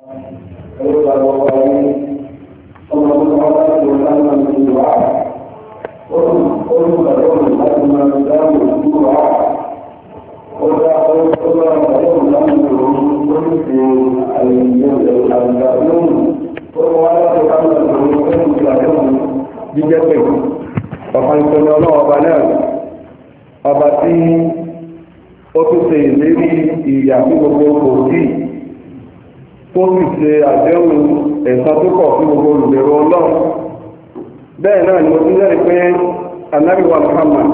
Jíjẹ́ pẹ̀lú ọ̀pá ìpẹ̀lú ọlọ́ọ̀bá náà, ọba tí ó tún ṣe ìlérí ìyà fún gbogbo tó sì ṣe àdéhùn ẹ̀san tó kọ̀ fún gbogbo olùbẹ̀rù ọlọ́run bẹ́ẹ̀ náà ni mo ti lẹ́rìí pé anábìwá Muhammad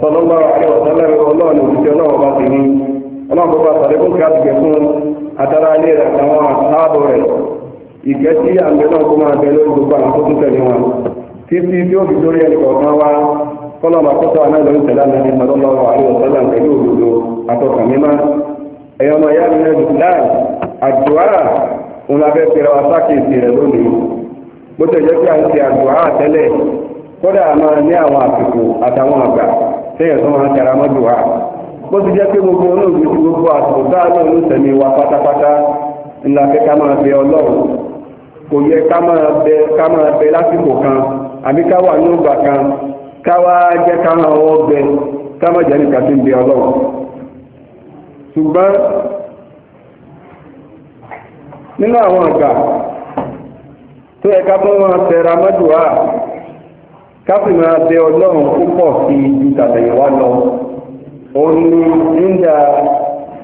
sọlọ́gbà àríwọ̀sọ́lẹ́rẹ̀ ọlọ́run òṣìṣẹ́ ọlọ́run bá ti ní ọlọ́run bá sàrẹ́ fún kíátìkẹ́ fún atara ilé rẹ̀ àtàwọn àtààbọ̀ rẹ̀ ìkẹ́ tí àgbẹ̀ náà kó máa bẹ lórí gbogbo àwọn tó tún tẹ̀lé wọn títí tí ó fi dórí ẹnì kọ̀ọ̀kan wá kọ́lọ́mà kọ́tọ́ anáìlọ́rin tẹ̀lé ànábi sọlọ́gbà àríwọ̀sọ́lẹ́rẹ̀ pẹ̀lú òdodo àtọkàmímá ẹ̀yọ́mọ̀ yá mi náà àdùá òun la fẹ́ fẹ́ra wa rẹ̀ lónìí bó tẹ̀ jẹ́ pé a ń ṣe àdùá tẹ́lẹ̀ kódà máa ní àwọn àsìkò àtàwọn àgbà tẹ́yẹ̀ tó máa ń tẹ̀ra bó ti jẹ́ pé gbogbo olóògbé ti gbogbo àsìkò dáadọ́ ló wa pátápátá fẹ́ ká máa bẹ ọlọ́run kò yẹ ká máa bẹ lásìkò kan àbí ká wà ní bẹ ká jẹ́ nínú àwọn àgbà tó yẹ ká fún wọn tẹra mọ́dùá káfí ọlọ́run púpọ̀ sí ju tàtẹ̀yìnwá lọ òun ni ihe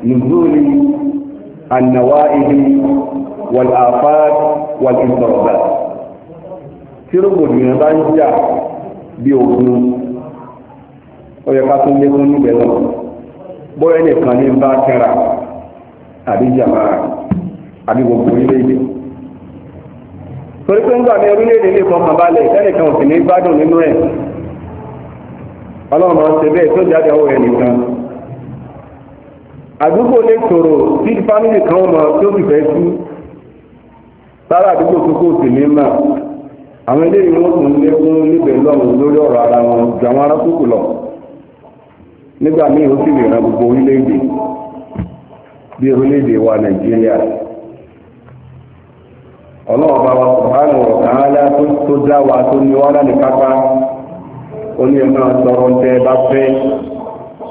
nùzúlì ànàwá ibi wàlàfáàd wàlìsọ̀rọ̀bà tí rògbòdì àbí gbogbo orílẹ̀-èdè torí pé ń gbà ní orílẹ̀-èdè ní ìfọkàn balẹ̀ ẹnìkan ò sì ní gbádùn nínú ẹ̀ ọlọ́run máa ń ṣe bẹ́ẹ̀ tó jáde ọwọ́ àdúgbò lè tí fámìlì kan mọ̀ tó sì fẹ́ sí sára àdúgbò tó sì ní mà àwọn lékún níbẹ̀ lórí ọ̀rọ̀ ju àwọn ará lọ nígbà míì ó sì gbogbo orílẹ̀-èdè bí orílẹ̀-èdè wa Nàìjíríà ọlọ́ọ̀bá wa sọ̀hánù ọ̀tàálá tó dá wa tó ní wá láti pápá ó ní ẹ̀mọ́ sọ̀rọ̀ ń tẹ́ bá fẹ́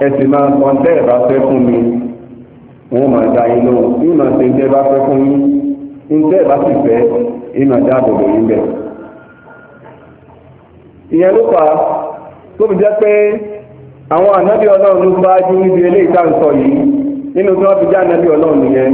ẹ sì máa sọ ń tẹ́ bá fẹ́ fún mi wọ́n máa dá yín lóhùn ní ìmọ̀ sí ń tẹ́ bá fẹ́ fún yín ń tẹ́ bá sì fẹ́ ìmọ̀ dáàbò bò yín bẹ̀. ìyẹn ló fà á tó fi jẹ́ pé àwọn ànábì ọlọ́run ló bá jú níbi eléyìí tá à ń sọ yìí nínú tí wọ́n fi já ànábì ọlọ́run nìyẹn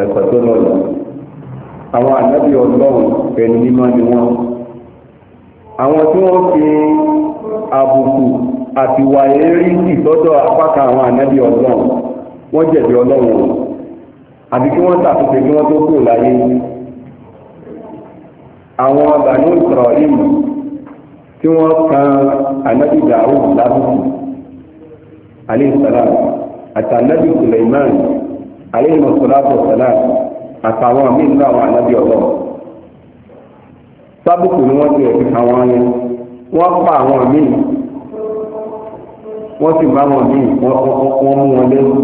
ẹ̀kọ́ tó lọ́lọ́ àwọn ànábì ọlọ́run ẹni mímọ́ ni wọ́n àwọn tí wọ́n fi àbùkù àti wà èrí ìtọ́jọ́ apáka àwọn ànábì ọlọ́run wọ́n jẹ̀bi ọlọ́run àbí kí wọ́n kí wọ́n tó Banu tí wọ́n kan lábùkù àti àlẹ́ ìmọ̀sọ̀láàbọ̀ sọ̀lá àtàwọn míì nínú àwọn ànábì ọ̀rọ̀ sábùkù ni wọ́n ti ẹ̀sìn àwọn yẹn wọ́n pa àwọn míì wọ́n sì bá wọn wọ́n mú wọn lẹ́rú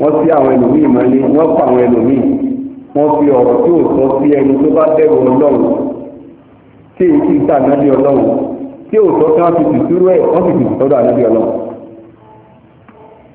wọ́n sí àwọn ẹlòmíì wọ́n pa àwọn ẹlòmíì wọ́n fi ọ̀rọ̀ tí ò sọ sí ẹni tó bá bẹ̀rù ọlọ́run tí èyí sì sọ fi tìtúrú ẹ̀ wọ́n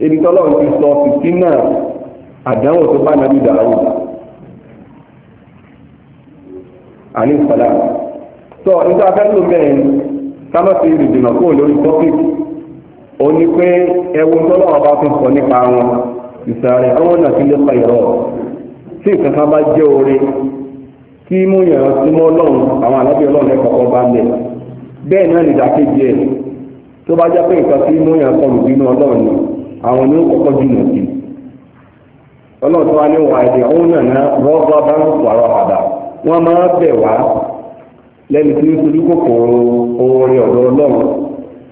ebi tọ́lọ́ ti sọ fifteen àdánwò tó bá nàbí dàrú àní ìsàlá tó nígbà fẹ́lú bẹ́ẹ̀ sábà fi ìrìndìnà kó lórí topic ó ní pé ẹwu tọ́lọ́ ọba tó sọ nípa wọn ìsàlẹ̀ àwọn náà ti lè pa ìrọ̀ tí nǹkan bá jẹ́ oore tí mú yàn súnmọ́ ọlọ́run àwọn ọlọ́run bá lẹ̀ bẹ́ẹ̀ náà ẹ̀ tó bá àwọn ní ó kọ́kọ́ jùmọ̀ sí ọlọ́ọ̀tún wa ní wà èdè òun nàná rọ́bà bá ń pààrọ̀ wọ́n máa bẹ̀ wá lẹ́nu tí ó sojú kòkòrò ọ̀dọ̀ ọlọ́run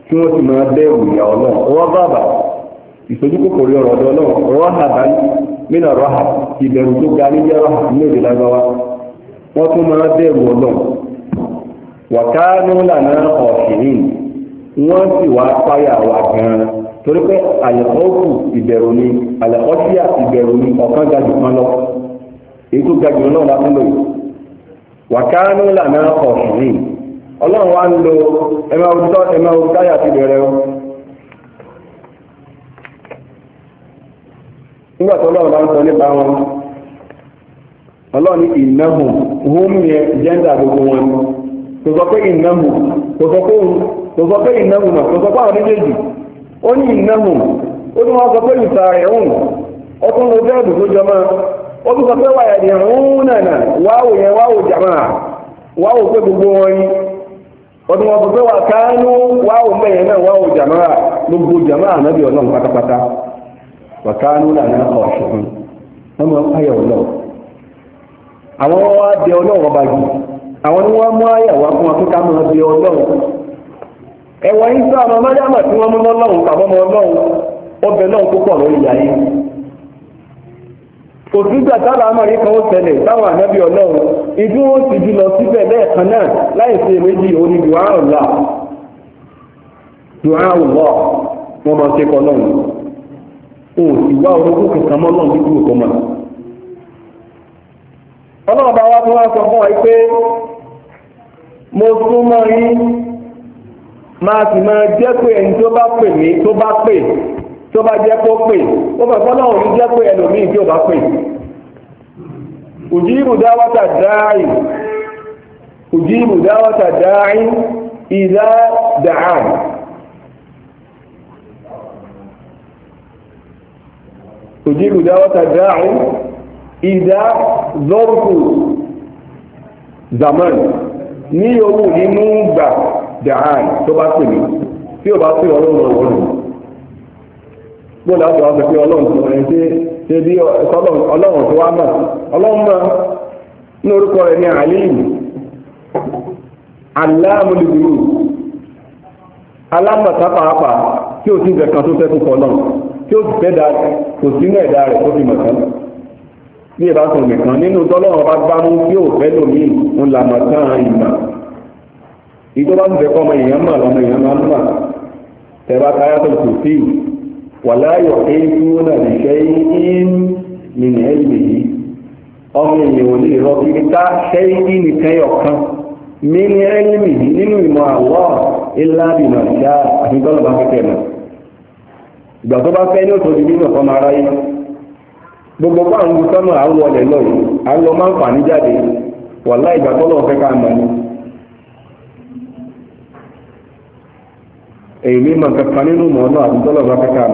tí wọ́n sì máa ìyá ọlọ́run ìsojú kòkòrò ọ̀dọ̀ ọlọ́run rọ́hà bá ga níjẹ́ rọ́hà lágbáwá wọ́n tún máa ọlọ́run wàkánú lànà wọ́n sì wá wà gan torí pé àlẹ́kọ́ọ̀kù ìbẹ̀rù ni àlẹ́kọ́síà ìbẹ̀rù ni ọ̀kan ga jù kan lọ èyí tó ga jù náà la fún waka wàkánú lànà ọ̀sìn ọlọ́run wa ń lo o nígbà tó ọlọ́run bá ń sọ nípa wọn ọlọ́run ìnáhùn jẹ́ńdà gbogbo wọn kò sọ pé ìnáhùn onye ní ìnáhùn ó tún wá sọ pé ìtààrẹ̀ òun ó tún lo bẹ́ẹ̀dù tó jọmọ́ na tún sọ pé wàyà ní ọ̀hún nànà gbogbo wọn ni ó tún wá sọ pé wà kánú wáwò mẹ́yẹn náà na na gbogbo àwọn e isa ọmọ mẹ́rìàmà tí wọ́n mú lọ́lọ́run kàbọ́mọ ọlọ́run ọbẹ̀ náà púpọ̀ lórí ayé kò sígbà tábà amọ̀rí kan ó ṣẹlẹ̀ táwọn ànábì ọlọ́run ibi wọn ti lọ síbẹ̀ lẹ́ẹ̀kan náà láì ṣe méjì orí dùhà ọ̀la wọn máa ṣe lọ́run o sì wá orogún kankan mọ́ lọ́run dídú òkú mọ́ ọlọ́run bá wá sọ fún wa pé mo máa sì máa jẹ́ pé ẹni tó bá pè mí tó bá pè tó bá jẹ́ kó pè ó fẹ́ fọ́nà òní jẹ́ pé ẹlòmíì tí ò bá pè ujibu dawata da'i ujibu dawata da'i idha da'an ujibu dawata da'i idha zorku zaman ní owó nínú gbà dàáì tó bá pè mí tí ò bá pè ọlọ́run ọ̀wọ́ nù gbọ́n láti wá sọ pé ọlọ́run tó rẹ̀ ṣe ṣe bí ọlọ́run tó wá mọ̀ ọlọ́run mọ̀ ní orúkọ rẹ̀ ní àlíyìn aláàmúlùmí alámọ̀tá pàápàá tí ò sí ìfẹ́ kan tó fẹ́ fún náà tí ó sì fẹ́ da kò sínú ẹ̀dá rẹ̀ tó fi mọ̀ tán bí ìbátan nìkan nínú tọ́lọ́run bá gbámú tí ò fẹ́ lòmíì ńlá mọ̀ tán ìmọ̀ ìjọba ń bẹ̀kọ́ ọmọ èèyàn mà lọ́mọ èèyàn máa ń mà tẹ̀bá táyà tó kù sí wà pé kí ó nà lè ṣe ń nìyẹn ìlú ọmọ èèyàn ò lè rọ kiri ká ṣe ń nìkan ọ̀kan nínú ìmọ̀ àwọ̀ ilá ìmọ̀ ìṣá àti tọ́lọ̀ bá fẹ́ ìgbà tó bá fẹ́ ní òtò ìdí ara yìí gbogbo àwọn ọmọ àǹfààní jáde ìgbà tọ́lọ̀ fẹ́ èyí ní ma kankan nínú mọ̀ náà àti tọ́lọ̀ bá kankan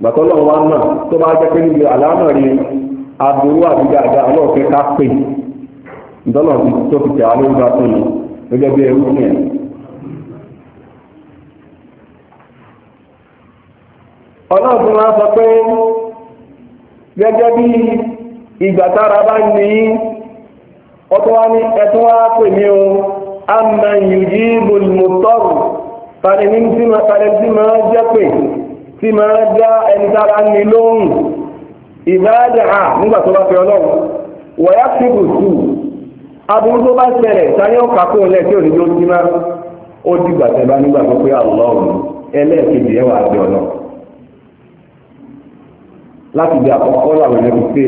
mọ̀ wa náà tó bá jẹ́ pé níbi àlámà rí aburú àti dáadáa ọlọ́ọ̀kẹ́ ká pè ntọ́lọ̀ tó fi tẹ̀ wá bá tó ní gẹ́gẹ́ bí ẹrú ní ẹ̀. sọ pé gẹ́gẹ́ bí ìgbà tára bá ń tani ní tí máa tani tí máa jẹ́ pé tí máa dá ẹni dára ní lóhùn ìbáàdà à nígbà tó bá fẹ́ ọlọ́run wọ̀yá fíbù tù aburú tó bá ṣẹlẹ̀ tani ó kà kóun lẹ́ẹ̀kí òní ló ti máa ó ti gbàtẹ́ bá nígbà tó pé àlọ́run ẹlẹ́ẹ̀kejì ẹwà àgbẹ̀ ọlọ́run láti di àkọ́kọ́ làwọn ẹni fi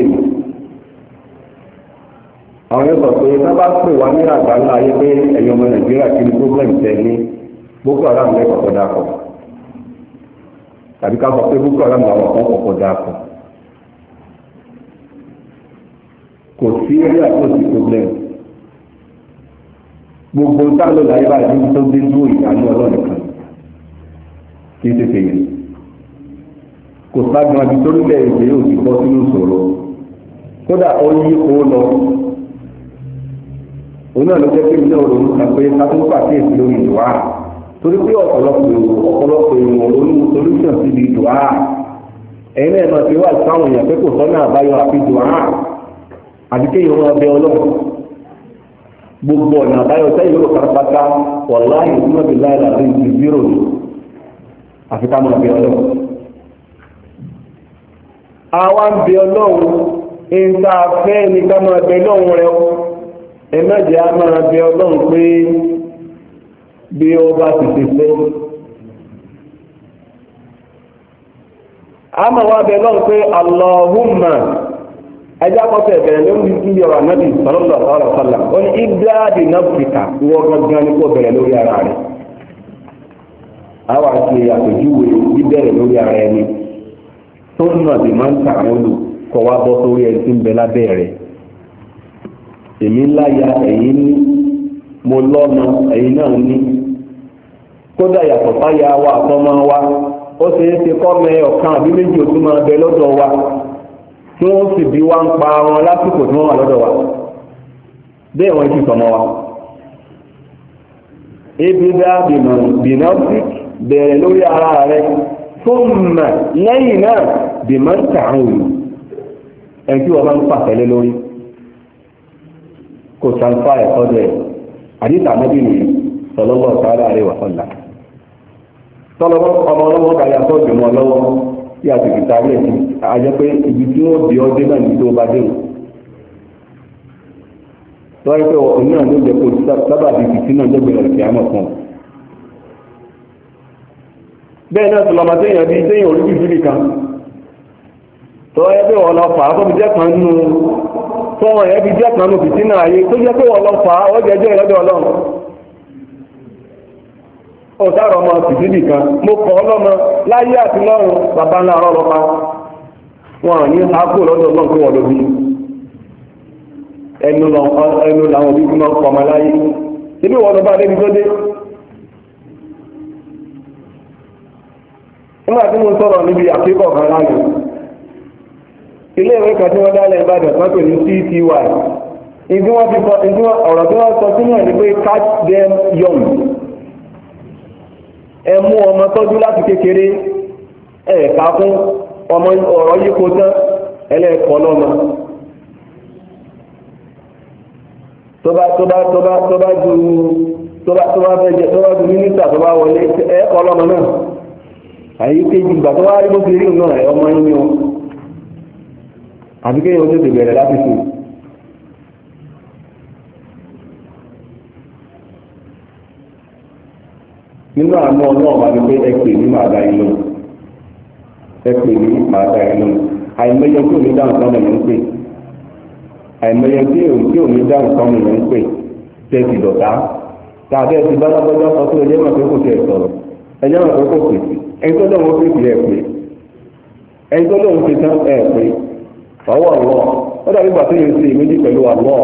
àwọn ẹni sọ pé tá pè wá ní àgbáńlá ayé pé ẹ̀yin ọmọ nàìjíríà kí ni boko haram lẹ kọkọ dakọ tàbí ká sọ pé boko haram làwọn kan kọkọ dakọ kò sí eré àkóso problem gbogbo táwọn ọlọ́yà bá yẹn tó dé dúró ìdáná ọlọ́run kan kí n tètè yẹn kò ságun àbí torílẹ̀ èdè yóò ti bọ́ sínú ìṣòro kódà ó yí kó lọ òun náà ló jẹ́ pé mi náà ronú kan pé ká tó pàṣẹ ìlú ìlú wa torí pé ọ̀pọ̀lọpọ̀ ọ̀pọ̀lọpọ̀ èèyàn olú solution sí ibi dùá ẹ̀yin náà máa fi wá sáwọn èèyàn pé kò sọ́nà àbáyọ àfi dùá àti kéèyàn máa bẹ ọlọ́run gbogbo ọ̀nà àbáyọ sẹ́yìn ló pátápátá wà láàyè tí wọ́n fi láyé láti ti zero ni àfi ká máa bẹ ọlọ́run. àwa ń bẹ ọlọ́run ìta fẹ́ ni ká máa bẹ ọlọ́run rẹ ẹ máa bẹ ọlọ́run pé. bí ó bá ti ti fẹ́. a máa wá bẹ lọ́n pé a ẹjá kọ́sẹ̀ bẹ̀rẹ̀ ló ń bí kí ọ̀rọ̀ anábì sọlọ́lọ́ ọ̀rọ̀ sọlá ó ní ibrahim nafrika wọ́n gangan ní kó bẹ̀rẹ̀ lórí ara rẹ̀ àwọn àti àpèjúwe bíbẹ̀rẹ̀ lórí ara ẹni tó ń nà máa ń àwọn olù wá ya ẹ̀yin ní mo lọ́mọ ẹ̀yin náà ní kódà yàtọ̀ sáyà wa àtọmọ wa ó ṣe é ṣe kọ́mẹ ọ̀kan àbí méjì ó tún máa bẹ lọ́dọ̀ wa tí wọ́n sì bí wá ń pa wọn lásìkò tí wọ́n wà lọ́dọ̀ wa bẹ́ẹ̀ wọ́n ti sọmọ wa. ebida binafsik bẹ̀rẹ̀ lórí ara rẹ̀ fúnmà lẹ́yìn náà bìmọ́ǹtà àwìn ẹni tí wọ́n bá ń pàtẹ́lẹ́ lórí kò sàǹfà ẹ̀kọ́ dẹ̀ àdìsá mẹ́bìnrin sọlọ́gbọ̀n sáárà rẹ̀ wà tọ́lọ́wọ́ ọmọ ọlọ́wọ́ kàlẹ́ àtọ́jú ọmọ ọlọ́wọ́ tí a sì fi ta ilé fún àjọ pé ibi tí wọ́n bí ọdẹ náà ní tó bá dé o tọ́lá pé òun náà ló jẹ kó sábà di fìtí náà ló gbẹ̀rẹ̀ kí á mọ̀ fún un. bẹ́ẹ̀ náà sọlọ́mọ téèyàn bí téèyàn orí bíbí nìkan tọ́lá yẹ pé wọ́n lọ fà á tó fi jẹ́ kan nù tọ́wọ́n ọ̀sáàrọ̀ ọmọ tìtì nìkan mo kọ́ ọlọ́mọ láyé àti lọ́run bàbá ńlá ọ̀rọ̀ pa wọn ní àákò lọ́dọ̀ náà tó wọ̀ lóbi ẹnu làwọn òbí fún ọkọ̀ ọmọ láyé ibi wọn lọ bá tó dé nígbà tí mo sọ̀rọ̀ níbi àkíkọ̀ kan láàyè ilé ìwé kan tí wọ́n dálẹ̀ Ìbàdàn kan pè ní ẹ mú ọmọ tọ́jú láti kékeré ẹ̀ẹ̀ka fún ọmọ ọ̀rọ̀ yípo tán ẹlẹ́ẹ̀kọ́ lọ́mọ tó bá tó bá tó bá tó bá ju tó bá tó bá fẹ́ jẹ tó bá ju mínísítà tó bá wọlé ẹ̀ẹ̀kọ́ lọ́mọ náà àyè kejì ìgbà tó wá rí bó fi rí òun náà ọmọ yín ni wọn àbíkẹ́yìn ó tètè bẹ̀rẹ̀ láti sùn. nínú àánú ọlọ́run wá ní pé ẹ pè ní màá dá ẹ pè ní màá dá àìmọye tí òní dáhùn sọmọ yẹn ń pè àìmọye tí òní dáhùn sọmọ yẹn ń pè tẹ ti dọ̀tá tàbí ẹtì bálábọ́jọ́ sọ pé ẹjẹ́ mọ̀ pé kò tiẹ̀ sọ̀rọ̀ ẹjẹ́ mọ̀ kò pè sí ẹni tó lóun fi tiẹ̀ pè ẹni tó lóun fi tán ẹ̀ pé ọwọ́ ọ̀wọ́ ó dàbí ìgbà tó yẹ ìméjì pẹ̀lú àwọ̀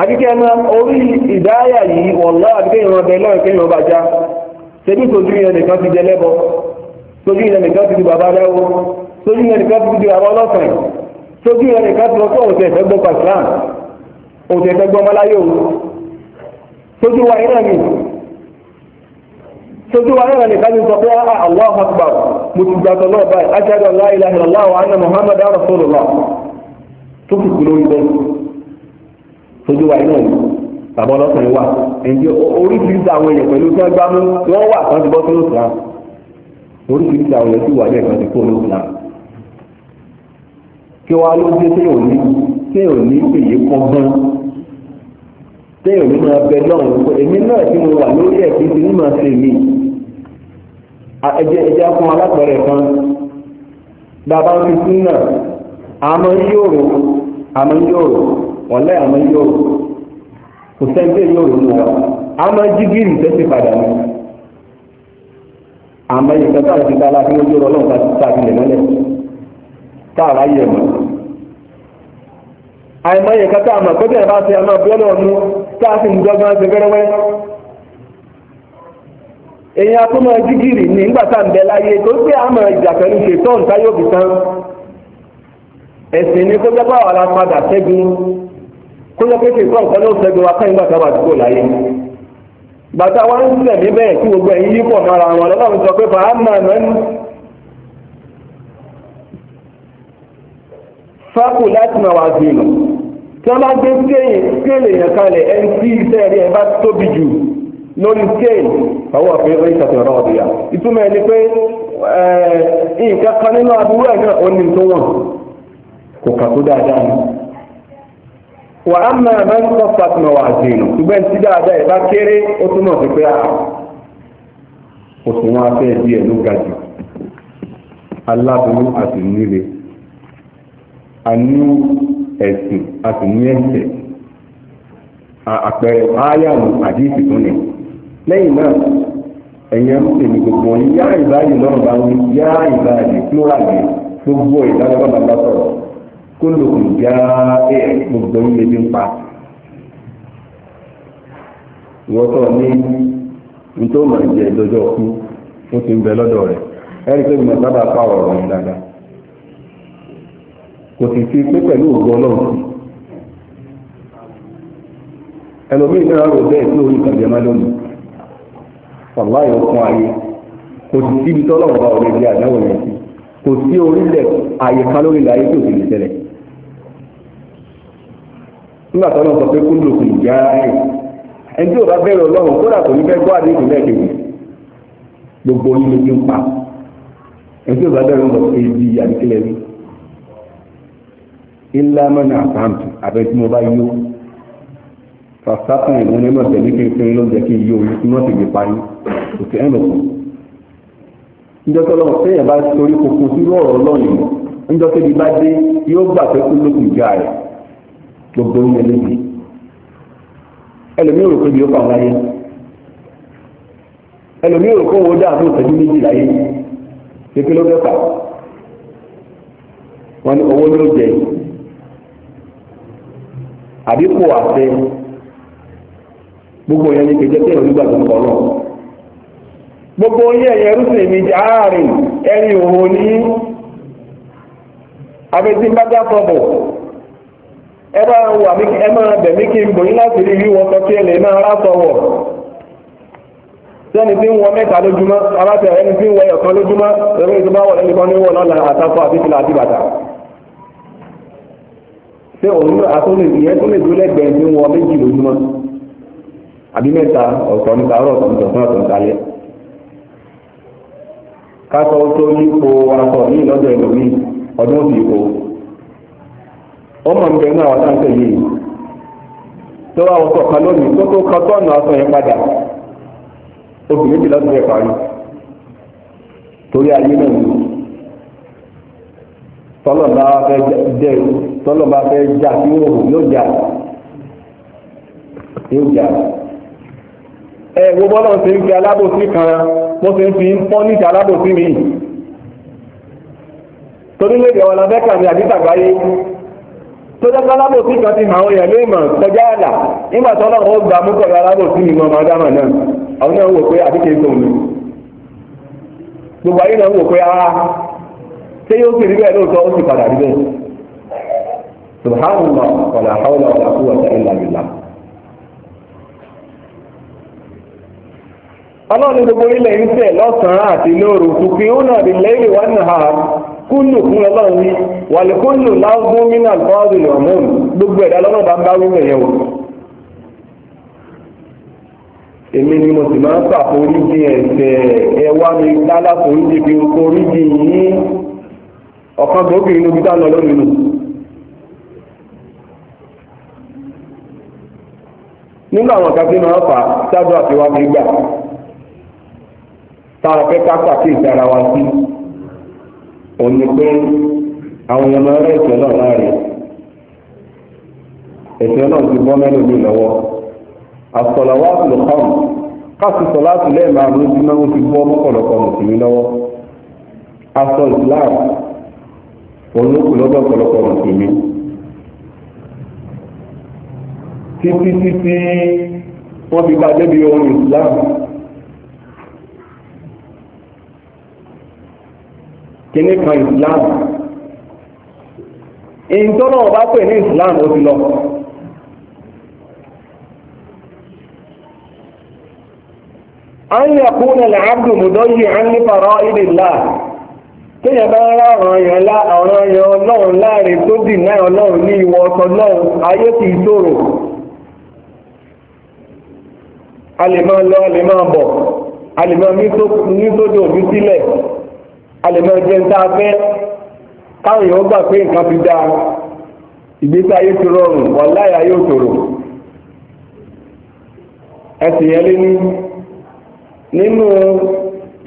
àdíkẹ́ ẹmọ orí ìdáyà yìí wọ̀nlá àdíkẹ́ ìran ọbẹ̀ náà kí ìran bá já ṣebí tójú yẹn nìkan ti jẹlẹ́bọ tójú yẹn nìkan ti di bàbá aláwo tójú yẹn nìkan ti di bàbá ọlọ́sàn tójú yẹn nìkan ti lọ sí òun tẹ̀fẹ́ gbọ́ pàṣán òun tẹ̀fẹ́ gbọ́ ọmọláyò tójú wa iná mi tójú wa iná nìkan ti sọ pé ah, ah, Allahu Akbar mo ti gbàtọ̀ náà báyìí sójú wa iná yìí bàbá ọlọ́kùnrin wà ẹ̀ǹdí oríṣiríṣi àwọn èèyàn pẹ̀lú tí wọ́n gbá mú wọ́n wà tán ti bọ́ sínú ìsìlám oríṣiríṣi àwọn èèyàn sì wà ní ẹ̀kan ti kó ní ìsìlám kí wọ́n á ló dé téèyàn ní téèyàn ní èyí kan gan téèyàn ní máa bẹ lọ́rùn pé èmi náà tí mo wà lórí ẹ̀ kí n ti ní máa ṣe mí ẹjẹ ẹjẹ fún alápẹ̀rẹ̀ kan bàbá ń fi sún náà àmọ́ yóò àmọ́ yóò ọ̀lẹ́ àmọ́ yóò kò sẹ́ńtẹ́ yóò tẹ́sí padà ní àmọ́ aláfi mọ́lẹ̀ tá mọ́ àìmọ́ àmọ́ bá ti àmọ́ bí ọlọ́run tá a sì ń dọ́gbọ́n ṣe fẹ́rẹ́wẹ́ èyí ní tá à ń bẹ láyé tó pé àmọ́ ìjà pẹ̀lú kó yẹ kéèké kọ́ nǹkan ló ń sẹ́gun wa káyìn gbàtà wà dúró láyé bàtà wa ń sílẹ̀ níbẹ̀ tí gbogbo ẹ̀yìn yí pọ̀ mọ́ra wọn lọ́wọ́ sọ pé fàámà mẹ́nu fákù láti máa wà sí ìlú tí wọ́n bá gbé scale èèyàn kalẹ̀ ẹni tí iṣẹ́ rí ẹ bá tóbi jù lórí scale àwọn ọ̀fẹ́ rí ìṣàtọ̀ ọ̀rọ̀ ọ̀dìyà ìtumọ̀ ẹni pé nǹkan kan nínú aburú náà ó ní tó wọ̀n kò kà tó dáadáa wa ama máa máa ń ṣùgbọ́n tí dáadáa ìbá kéré ó túmọ̀ sí pé òṣùwọ̀n ah, afẹ́ díẹ̀ ló ga jù aláboyún àti nílé a ní ẹ̀sìn àti ní ẹ̀sẹ̀ àpẹẹrẹ ááyàmù àdíìsì tó ní lẹ́yìn náà ẹ̀yẹn ń pè ní gbogbo yá ìbáyìí lọ́rùn bá yá ìbáyìí yìí gbogbo kóńdò kò já gbogbo ń ní jẹ lọ́jọ́ kú ó ti ń bẹ lọ́dọ̀ rẹ̀ ẹ̀rí pé mo sábà pa ọ̀rọ̀ yìí dáadáa kò sì fi pé pẹ̀lú ògo ọlọ́run sí ẹlòmíì náà rò bẹ́ẹ̀ tí orí ayé kò sì síbi tọ́lọ́run bá ọ̀rẹ́ àdáwọ̀ yẹn sí kò sí orílẹ̀ àyè nígbà tó lọ́n sọ pé kúlò kù já ẹ̀yìn ẹni tí ò bá bẹ̀rẹ̀ ọlọ́run kódà kò ní fẹ́ gbọ́ àdéhùn lẹ́ẹ̀kejì gbogbo yín ló ti ń pa ẹni tí ò bá bẹ̀rẹ̀ ọlọ́run pé ibi àdékélẹ̀ rí ilá mọ́nà àpáǹtì àbẹ́ tí mo bá yó fàṣàkàn ìwọ̀n ní mọ̀tẹ̀ ní kékeré ló ń jẹ́ kí yó ní mọ̀tẹ̀ gbé parí òkè ẹ̀ lọ́kùn njọ́tọ́lọ́ sẹ́yìn bá torí kòkó sí ọ̀rọ̀ ọlọ́run njọ́tẹ́bí bá gbogbo ń yẹlé yìí ẹlòmíràn kò yóò fà láyé ẹlòmíràn kò wọ́n dáàbò ìtọ́jú méjì láyé pépé ló fẹ́ fà wọn ni owó ló jẹ àbí kò àṣẹ gbogbo yẹn ni kejì ẹ̀yọ́ nígbà tó ń kọ́ náà gbogbo yẹn yẹn rúṣin mi jẹ́ àárín ẹ̀rín òhun ní abẹ́tí bá dá sọ́bọ̀. ẹ bá wà mí ẹ máa bẹ̀ mí kí n bòyí láti rí wíwọ sọ kí ẹ lè máa rásọ wọ̀ sẹ́ni tí ń wọ mẹ́ta lójúmọ́ aláṣẹ ẹni tí ń wọ ẹ̀kan lójúmọ́ ẹ̀rọ ìjọba wọ̀ lẹ́nu kan ní lọ́la àti fìlà àti bàtà ṣé òun tó lè dúró lẹ́gbẹ̀ẹ́ tí ń wọ méjì lójúmọ́ àbí mẹ́ta níta ọ̀rọ̀ níta níta ọmọ ń bẹ ní àwọn táǹkà yìí tó wá wọ́n kọ̀ọ̀kan lónìí tó tó kọ́ tọ́ọ̀nù aṣọ yẹn padà obì méjì lọ́dún ẹ̀ parí torí ayé náà ni tọ́lọ̀ bá fẹ́ jẹ tọ́lọ̀ bá fẹ́ jà sí òhù yóò jà yóò jà ẹ wo bọ́lá ń ṣe ń fi alábòsí kan mo ṣe ń fi ń pọ́n níta alábòsí mi torí lè dẹ̀wọ̀ làbẹ́kà ni àbí tàgbáyé sọ́jọ́ alábòsí kan ti hàn yẹ̀ léèmọ̀ kọjá àlà nígbà tó náà ó gbà mú pẹ̀lú alábòsí nínú ọmọ adámà náà àwọn pé gbogbo ayé náà wò pé ara ah, yóò bẹ́ẹ̀ lóòótọ́ ó sì padà rí bẹ́ẹ̀ kúlù fún ọlọ́run ní wàlúkúlù láwùgbọ́n mínà bọ́ọ̀lù lọ́mọ́ọ̀nù gbogbo ẹ̀dá lọ́nà bá ń bá wíwẹ̀ yẹn o. èmi ni mo sì máa ń ṣàforíjì ẹ̀ṣẹ̀ ẹ wá mi lálá foríjì fi foríjì yìí ọ̀kan gbòógì inú bí táwọn ọlọ́run nù. nínú àwọn kan tí máa ń fà ṣáájú àti wá fi gbà tá a fẹ́ ká pàkíyèsí ara wa sí òní pé àwọn èèyàn máa ń rẹ́ ìtẹ́ náà láàrin ìtẹ́ náà ti bọ́ mẹ́rin mi lọ́wọ́ àsọ̀làwà lùkọ́m káàsì sọ láti lẹ́ẹ̀mà àrùn tí wọ́n ti bọ́ mọ́kànlọ́kọ̀ mùsùlùmí lọ́wọ́ asọ islam òun kù lọ́dọ̀ ọ̀pọ̀lọpọ̀ mùsùlùmí títí títí wọ́n fi bá débi ohun islam kìíní kan islam ìtọ́nà ọba pè ní islam ó ti lọ. an yakuna al-abdu mudayyi'an li fara'idillah téèyàn bá rárá ọ̀ràn yẹn lá ọ̀ràn yẹn ọlọ́run láàrin tó dì náà ọlọ́run ní ìwọ ọ̀tọ̀ náà ayé ti ṣòro a lè máa lọ a lè máa bọ̀ a lè máa ní sódò òbí sílẹ̀ alẹ́mọ̀ jẹ́ ń tá a fẹ́ káwọn èèyàn gbà pé nǹkan fi dáa ìgbésí ayé ti rọrùn wàláyà yóò tòrò ẹsìn yẹn lé ní nínú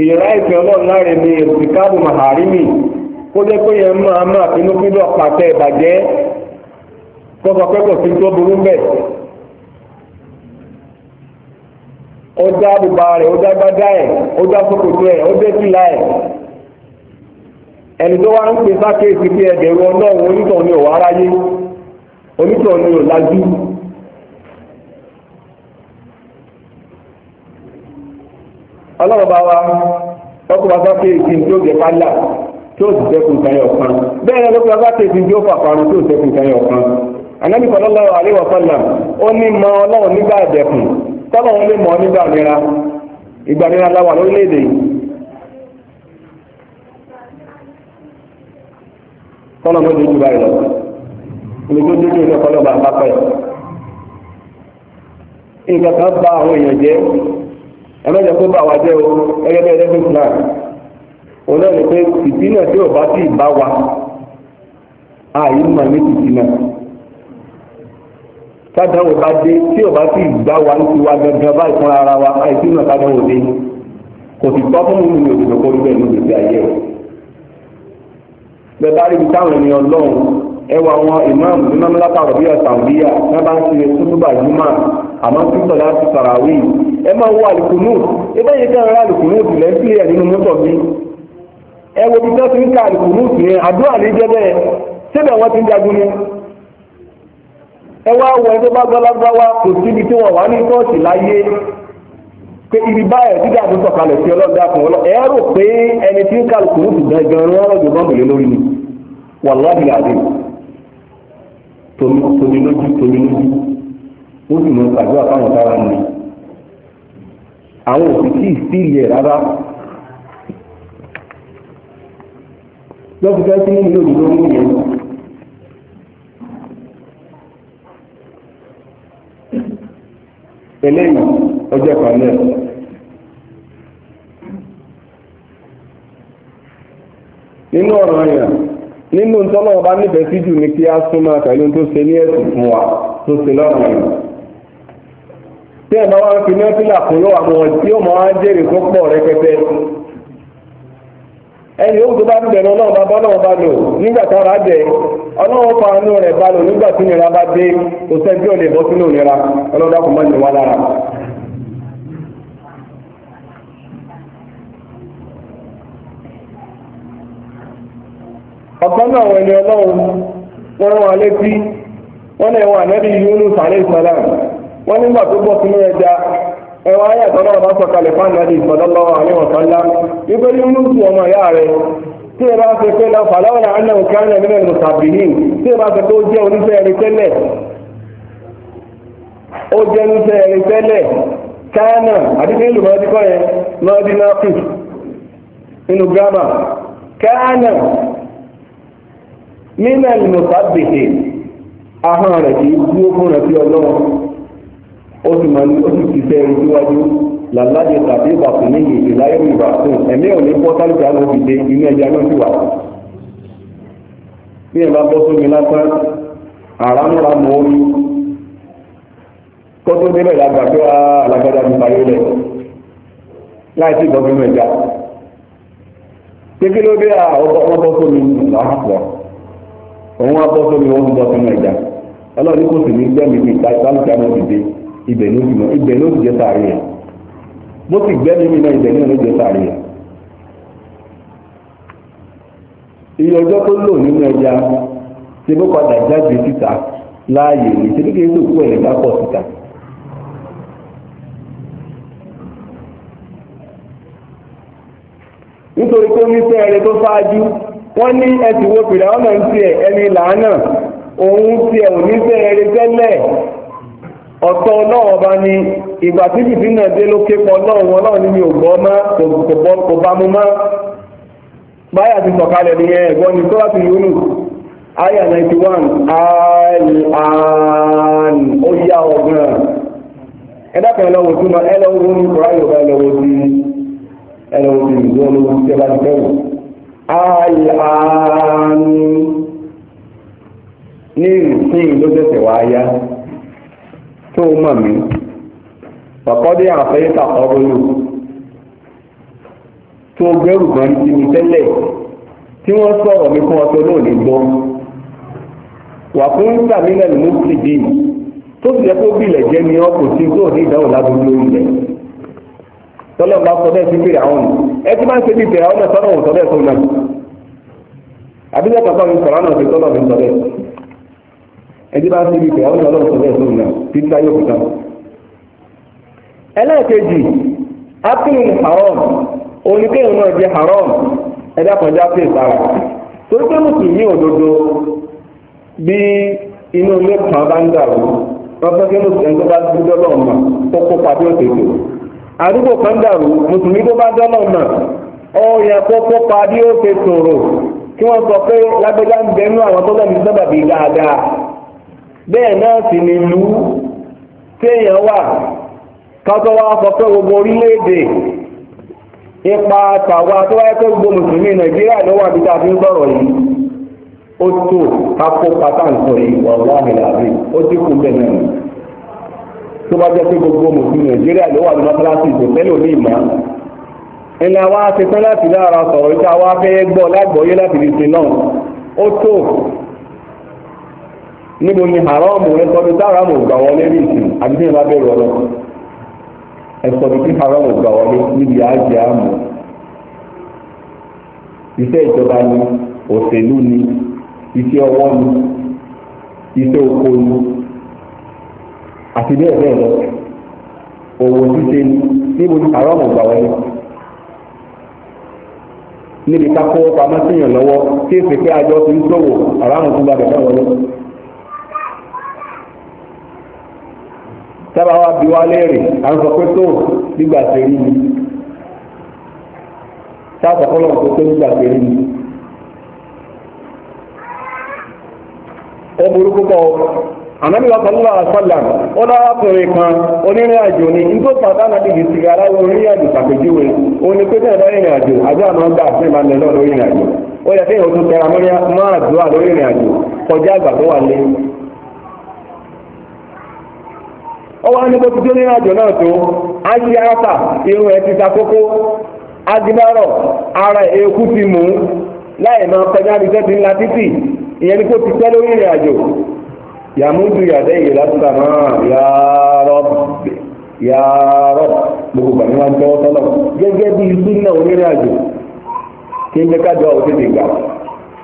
ìrá ìfẹ́ ọlọ́run láàrin ní ìsìkáàbù màhàrímì kó jẹ́ pé yẹn máa máa pàtẹ ìbàjẹ́ kó sọ pé tó burú bẹ́ẹ̀ ó dá bùbá rẹ̀ ó dá gbádá ẹ̀ ó dá ẹ̀ ó dé ẹ̀ ẹni tó wá ń pè sákèsí pé ẹgbẹ̀rún ọlọ́run onítọ̀ ni òwà aráyé onítọ̀ ni ò lájú ọlọ́run wa ọkọ̀ bá sákèsí tí ó jẹ pálá tí ó sì dẹ́kun kan yọ̀ kan bẹ́ẹ̀ ni ọkọ̀ sákèsí tí ó fà parun tí ó dẹ́kun kan yọ̀ kan ànábì sallallahu ó ní mọ ọlọ́run nígbà ìdẹ̀kùn tọ́lọ́run lè nígbà kọ́lọ̀ mọ́jọ jù báyìí lọ olùkọ́ jẹ́ kí ìjọba ọlọ́ba àpapọ̀ ẹ̀ nǹkan kan bá àwọn èèyàn jẹ́ ẹlẹ́jọ́ tó bá wa jẹ́ o ẹgẹ́ bí ẹlẹ́gbẹ́ plan òun náà ni pé ìpínlẹ̀ tí ò bá sì bá wa àyè mà ní ìpínlẹ̀ kádàwò bá dé tí ò bá sì gbá wa ní tiwa gangan báyìí fún ara wa àìsí náà kádàwò dé kò sì tọ́ fún mi ní òdòdó kórìbẹ̀ ní òdòdó ayé o. bẹ̀bá rí ibi táwọn ènìyàn lọ́hùn ẹwà àwọn imam ní mamlaka rọ̀bíyà sàwùdíyà náà bá ń ṣe kútúbà júmọ̀ àmọ́ kíkọ̀ láti sàràwì ẹ máa ebe rà àlùkùnú sílẹ̀ nínú mọ́tò mi ẹ wo bí ń ka àlùkùnú àdúrà wọ́n ti ń ni ẹ wá wọ ẹ wa pé ibi báyẹ̀ dídá tó sọ̀kalẹ̀ sí ọlọ́dà fún ọlọ́ ẹ rò pé ẹni tí ń kálukú ní ṣùgbọ́n gan wọn rọ̀jò bọ́ọ̀mù lé lórí ni wàláhì àdé tomi tomi lójú tomi lójú ó sì mọ ìpàdúrà fáwọn tára ń lè àwọn òsì tí ìsílẹ̀ rárá lọ́sibẹ́ sí nínú ìlú lórí ìyẹn eléyìí ọjọ́ kan nínú ọ̀rọ̀ yẹn nínú ntọ́nà ọba nífẹ̀ẹ́ sí jù ní kí á súnmọ́ àtàlù tó ṣe ní ẹ̀sùn fún wa tó ṣe lọ́rùn yẹn tí ẹ̀ bá wá ń fi kún àwọn tí ó máa ń tó pọ̀ ẹni yóò tó bá ń bẹ̀rẹ̀ ọlọ́run bá bọ́lọ́run bá lò nígbà tó ara jẹ ọlọ́run fa inú rẹ̀ bá lò nígbà tí nira bá dé kò sẹ́ńtì òde bọ́ sínú nira ọlọ́run ní lára. ọ̀kan náà wọ̀ ọlọ́run wọ́n rán wa létí wọ́n lè wọ a. Yunus alayhi wọ́n nígbà tó ẹwà ayé àtọ́lọ́ ọba sọ̀kalẹ̀ fáànù àti ìfọ̀dọ́lọ́ àríwọ̀ sọ́lá wípé ní mú sí ọmọ ìyá rẹ̀ tí ẹ bá fẹ́ pé lọ fàlọ́wọ̀ náà ánà òkè ánà mílẹ̀ mùsàbìlì tí ẹ bá fẹ́ pé ó jẹ́ oníṣẹ́ ẹni tẹ́lẹ̀ ó jẹ́ oníṣẹ́ ẹni tẹ́lẹ̀ káánà àti ní ìlú mọ́ọ́dí yẹn mọ́ọ́dí náà nínú gírámà káánà mílẹ̀ mùsàbìlì ahọ́n rẹ̀ kì í dúró fún rẹ̀ sí ọlọ́run ó sì mọ̀ ní ó sì ti fẹ́ ìdíwájú làlájẹ tàbí ìbàkùn ní ìyèdè láyé ìgbà fún ẹ̀mí ò ní bọ́ sálùkà ló fi dé inú ẹja náà sì wà. bí ẹ bá bọ́ sómi lásán àránúra mọ́ orí kó tó débẹ̀ lágbà pé ah, alágbádá ti parí lẹ̀ láì sí ìdọ́gbẹ́mọ̀ ẹja. kékeré ló dé àwọn ọmọ bọ́ sómi làhàpọ̀ òun á bọ́ sómi wọn bọ́ sómi ẹja ọlọ́run kò sì ní gbẹ́mìí ti ta ìsálùkà náà fi dé. ibẹ̀ ló jùmọ̀ jẹ́ sàárì ẹ̀ bó ti gbẹ́ mímí náà ibẹ̀ ló jẹ́ sàárì ẹ̀ iye ọjọ́ tó lò nínú ẹja bó padà jáde síta láàyè ní ṣe kékeré tó kú ẹ̀ bá pọ̀ síta. nítorí pé oníṣẹ́ ẹ̀rẹ́ tó wọ́n ní ẹ̀sìn wo pèrè àwọn ń tiẹ̀ ẹni làánà òun ọ̀tọ̀ ọlọ́run ọba ni ìgbà tí jìbìtì náà dé ló képọ̀ ọlọ́run ọlọ́run ní mi ò gbọ́ kò bá mu báyà ti sọ̀kalẹ̀ ní ẹ̀gbọ́n ni tó láti yúnù àyà 91 àìlàn ó yá ọ̀gbọ́n ẹ̀dàkọ̀ ẹlọ́wọ̀ tó máa ẹlọ́wọ̀ ní bá ẹlọ́wọ̀ tó mọ̀ mí ọ̀kọ́dé àfẹ́yẹ́ta ọ̀rọ̀ lò tó gbẹ́rù gan ti mi tẹ́lẹ̀ tí wọ́n sọ̀rọ̀ mi fún ọtọ náà lè gbọ́ wà fún tó sì kó bìlẹ̀ jẹ́ ni ọ́ tí tó ní ìdáhùn lábúlé lórí rẹ̀ tọ́lọ́ bá sọ bẹ́ẹ̀ sí àwọn ẹ ti máa ń ṣe bí àwọn náà sọ bẹ́ẹ̀ sọ ẹni bá ti rí ìfẹ́ àwọn ọlọ́run sọ bẹ́ẹ̀ sórí náà títí ayé òkúta. ẹlẹ́ẹ̀kejì ápìlì haram oníkéyìn náà jẹ́ haram ẹ̀dá kọjá pé ìsára torí pé mùsùlùmí òdodo bí inú ilé kan bá ń dàrú wọ́n fẹ́ kí mùsùlùmí tó bá dúdú ọlọ́run mà kó kópa bí òtètè àdúgbò kan dàrú mùsùlùmí tó bá dọ́lọ́run mà ó yẹ kó kópa bí ó ṣe tòrò kí wọ́n sọ pé lágbẹ́dá ń bẹnu àwọn tó lẹ́nu sábàbí dáadáa bẹ́ẹ̀ náà sì ni ìlú téèyàn wà kátó wá gbogbo orílẹ̀ ipa tó wáyé gbogbo mùsùlùmí nàìjíríà ló wà bí fi ń sọ̀rọ̀ yìí ó tó kápó pátánìkọ̀ yìí wàhálà ó ti kú gbogbo mùsùlùmí nàìjíríà ló wà ní mọ́tíláṣí kò tẹ́lẹ̀ ní ìmọ̀ ìlà wa ṣetán láti lára sọ̀rọ̀ ìta wa fẹ́ gbọ́ lágbọ́yé níbo ni haramu rẹ sọ bí sáramu gbà wọlé ní ìsìn àbí haramu gbà wọlé níbi àjẹ́ àmọ́ iṣẹ́ ìjọba ni òṣèlú ni iṣẹ́ ọwọ́ ni iṣẹ́ oko ni àti bẹ́ẹ̀ bẹ́ẹ̀ lọ òwò ṣíṣe ni níbo ni gbà wọlé níbi ká kó pamọ́ haramu tún sábà wá bí wá léèrè à ń sọ pé tó nígbà tó rí ni sáàtà kọlọ̀ tó tó nígbà tó rí ni. ó burú púpọ̀ ànábì wa sọlá àṣọlá ó dáwàkùnrin kan onírìn àjò ni nígbà pàtó ànábì yìí ti ara onírìn àjò ṣàpèjúwe ó ní pé bẹ́ẹ̀ bá rìnrìn àjò àjọ àmọ́ gbà sí ìbànújẹ́ náà lórí ìrìn àjò ó yẹ kéèyàn tó tẹra mọ́ àdúrà lórí ìrìn àjò kọjá àgbà tó wà lé ọwọ́ ní bó ti dé nínú náà tó ayi áta irun ẹ̀ ti ta ara eku ti mu láì máa kọjá àbíṣẹ́ ti ńlá títì ìyẹn ni kó ti pẹ́ lórí ìrìn àjò yàmúdù yàdẹ́ ìyè lásìkò náà yàrá yàrá gbogbo gbàmí wa ń tọ́lọ̀ gẹ́gẹ́ bí ìlú náà onírìn àjò kí n jẹ́ ká jọ gbà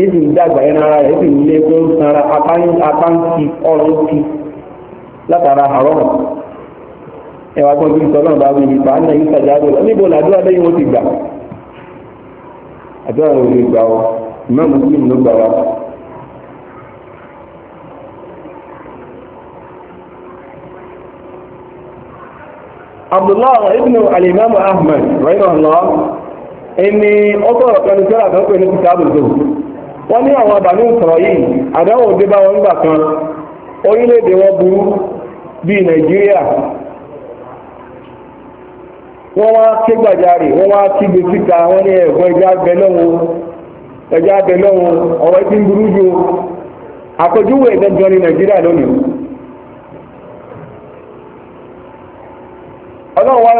èsì ń dàgbà ẹran ya rẹ̀ sì ń lé kó ń sanra ti ọrùn ti látara ẹwà tó bí sọ náà bá wí ìfà náà yìí na àdúrà níbo làdúrà lẹ́yìn wọn ti gbà àdúrà rẹ̀ ò gbà ọ ìmọ̀ mùsùlùmí ló gbà wá. Abdullah ibn al-Imam rahimahullah ẹni kan wọ́n ní àwọn àbàmì ìsọ̀rọ̀ yìí àdáwò dé bá wọn gbà kan orílẹ̀-èdè wọn burú i nàìjíríà wọ́n wá ké gbàjarè wọ́n wá kígbe síta wọ́n ní ẹ̀gbọ́n ẹja lọ́wọ́ ẹja lọ́wọ́ ọ̀rọ̀ ti ń burú ju ní nàìjíríà lónìí. ọlọ́run wá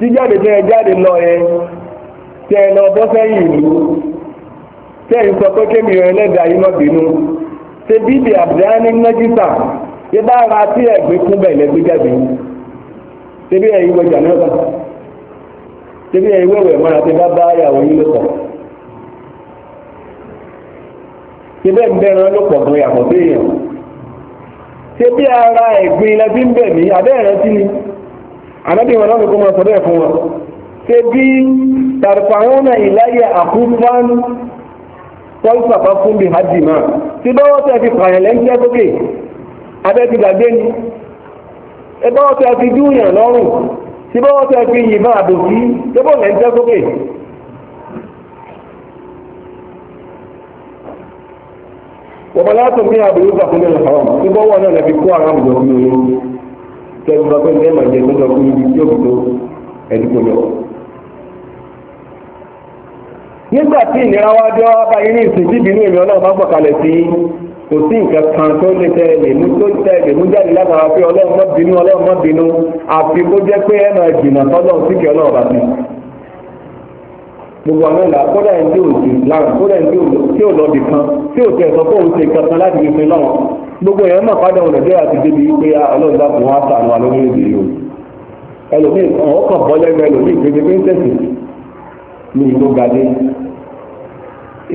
jíjáde tẹ́ ẹ jáde lọ yẹ. tẹ́ ẹ lọ bọ́ yìí ìlú tẹ́ ẹ sọ pé kémi ẹlẹ́dàá yìí má bínú ṣe bíbí àbúrá ní yẹ bá ara tí ẹ gbé kún bẹ̀ lẹ́gbẹ́ jáde bí ẹ̀yin wọ ṣe bí ẹ̀yin wẹ̀wẹ̀ mọ́ra bá bá ìyàwó ń ànábì wọn náà ló kó máa sọ bẹ́ẹ̀ fún wọn ṣe bí tàrfàhónà ìláyà àkúfán tọ́lùpàpá fún bí hajj máa tí bọ́wọ́ tẹ́ fi pààyàn lẹ́ńtẹ́ sókè abẹ́ ti gbàgbé ni ẹ bọ́wọ́ tẹ́ fi dúnyàn lọ́rùn tí bọ́wọ́ tẹ́ fi yìnbọn àbòsí tó bọ́ lẹ́ńtẹ́ sókè wọ́n bá látọ̀ bí àbòrúkà fún mi lọ́wọ́ tí bọ́wọ́ náà lè fi kó àwọn àbòsí tẹ́lifù bá pé ní ẹ̀mà jẹ lọ́jọ́ fún ibi tí òbí tó ẹ̀dúgbò lọ. nígbà tí ìnira wá dé wá báyìí ní ìsìn tí ìbínú èmi ọlọ́run bá gbọ̀kalẹ̀ sí kò sí nǹkan kan tó lè tẹ lè mú tó tẹ lè mú jáde látara pé ọlọ́run má bínú ọlọ́run má bínú àfi kó jẹ́ pé ẹ̀mà jìnnà tọ́lọ́run sí kí ọlọ́run bá sí gbogbo àwọn ìlà kódà ẹni tí ò sí lára kódà ẹni tí ò lọ bì kan tí ò tẹ̀ sọ fóun ṣe kankan láti fi fi lọ́wọ́ gbogbo èèyàn mọ̀ padà wọn dị ti débi wípé ah, ọlọ́run dákun wọn á sànù alóyún èdè yìí o ẹlòmíì ọ̀hún kàn bọ́ lẹ́nu ẹlòmíì gbèsè ní ìlú gadé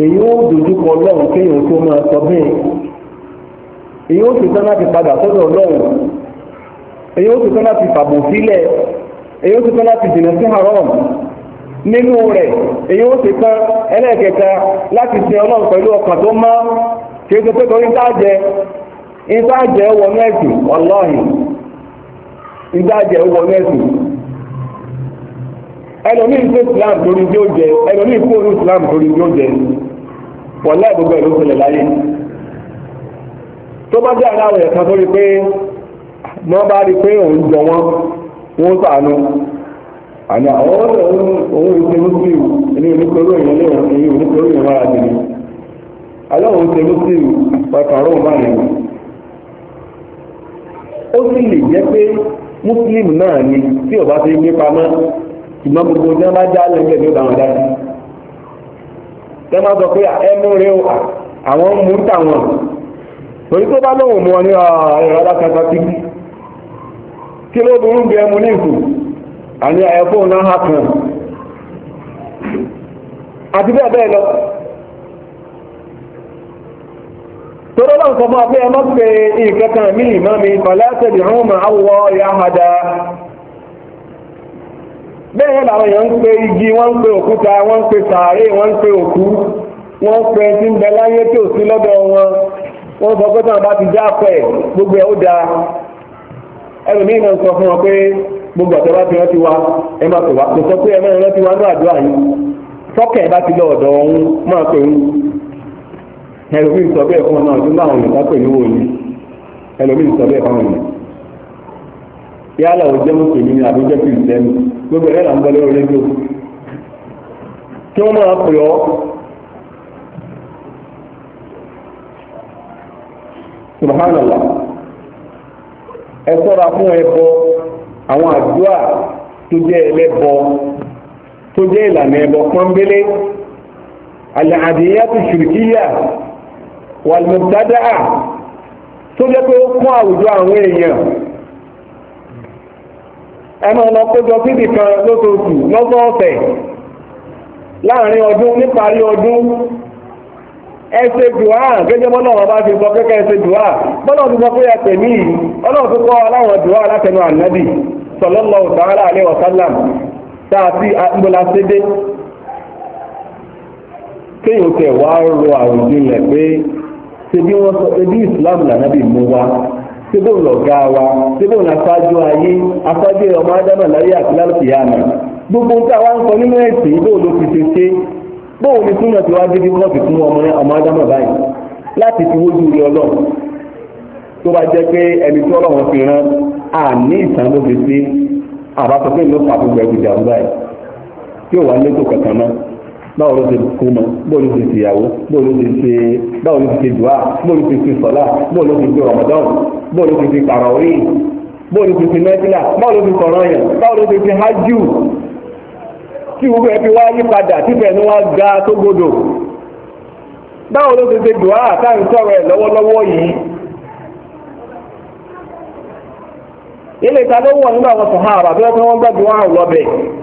èyí ó dojú kọ kéèyàn tó máa sọ bẹ́ẹ̀ èyí ó ti tán láti padà sọ́dọ̀ èyí ó ti tán láti fàbò sílẹ̀ èyí ó ti tán láti sí haram nínú rẹ̀ ìgbàjẹ́ wọ mẹ́sì wọlọ́hì ìgbàjẹ́ wọ ẹlòmí islam bí ó jẹ ẹlòmí ìkóòrò islam lórí bí ó jẹ wọlá ìgbogbo ìlú sílẹ̀ láyé tó bá jẹ́ aláwọ̀ ẹ̀ka tó rí pé bá rí pé òun jọ wọ́n wọ́n sàánú àmì àwọn ọ̀rọ̀ òun muslim ní òun òun ó sì lè jẹ́ pé muslim náà ni tí ọba ti gbé pamọ́ ìmọ̀ gbogbo ní wọn já lẹ́gbẹ̀ẹ́ ní ọ̀dàwọn dá sí. ṣé sọ pé ẹnu rẹ àwọn mú tàwọn torí tó bá lóhùn mu ọ ní ẹ̀rọ alákatá tí kí ló burú bí ẹmu ní ìkù àní náà tọ́rọ náà sọ fún wa ẹ pe nǹkan kan mí ìmọ̀ mi pẹ̀lú àtẹ̀lẹ̀ ọ̀hún mà á wọ ìyá àdá bẹ́ẹ̀ làwọn èèyàn ń pe igi wọ́n ń pe òkúta wọ́n ń pe sàárè wọ́n ń pe òkú ń pe tí ń bẹ láyé tí ò sí wọn sọ pé gbogbo ó ẹlòmíì náà sọ fún gbogbo ti ẹ pè wá kò sọ pé ẹ rántí ní àdúrà yìí bá ti lọ ẹlòmíì sọ bẹ́ẹ̀ fún ọdún láwọn sọ bẹ́ẹ̀ fún ọ̀nà yálà ó jẹ́ ni àbí jẹ́ kìrìsìtẹ́nì gbogbo ẹ̀rẹ́ là ń gbọ́lé orí rédíò kí wọ́n máa pè ọ́ subhanallah ẹ sọ́ra fún ẹbọ àwọn àdúrà tó jẹ́ ẹlẹ́bọ tó jẹ́ ìlànà ẹbọ pọ́nbélé wàlùmọ̀tàdà tó jẹ́ pé ó kún àwùjọ àwọn èèyàn ẹmọ máa lọ kójọ síbì kan lóṣooṣù lọ́sọ̀ọ̀sẹ̀ láàrin ọdún níparí ọdún ẹsẹ̀ dùá gẹ́gẹ́ bọ́lá ọ̀rọ̀ bá ti sọ kẹ́kẹ́ ẹsẹ̀ dùá bọ́lá ti sọ pé ẹsẹ̀ ní yìí ọlọ́run tó tẹ̀ wá rọ àròjinlẹ̀ pé ṣebí wọn sọ ṣebí islam lànàbì mú wa ṣebí òun lọ̀gá wa ṣebí òun afájú ayé afájú ọmọ ádámà láyé àti lálùkì yàmà gbogbo nǹkan wa ń sọ nínú ẹ̀sìn bóun ló fi ṣe ṣe bóun ni túnmọ̀ tí wàá débi kọ́ọ̀tù fún ọmọ ọmọ ádámà báyìí láti fi wójú rí ọlọ́run tó bá jẹ́ pé ẹni tí ọlọ́run fi rán àní ìtàn ló fi ṣe àbáfọ́fẹ́ ló fà gbogbo ẹgbẹ̀jà ọ̀gbà yìí tí ò wá létò kankan náà báwo ló ti kú mọ báwo ló ti tìyàwó báwo ló ti ṣe báwo ló ti ṣe dùá báwo ló ti ṣe sọlá báwo ló ti ṣe ramadan báwo ló ti ṣe kàrọ̀wé báwo ló ti ṣe mẹ́tílà báwo ló ti sọ̀rọ̀ yẹn báwo ló ti ṣe hajjú tí gbogbo ẹ fi wá yí padà tífẹ̀ ni wọ́n ga tó gbọdọ̀ báwo ló ti ṣe dùá àtàrí sọ̀rọ̀ ẹ̀ lọ́wọ́lọ́wọ́ yìí ilé ìta ló wọ̀ nígbà wọn sọ̀hárà bí wọ́n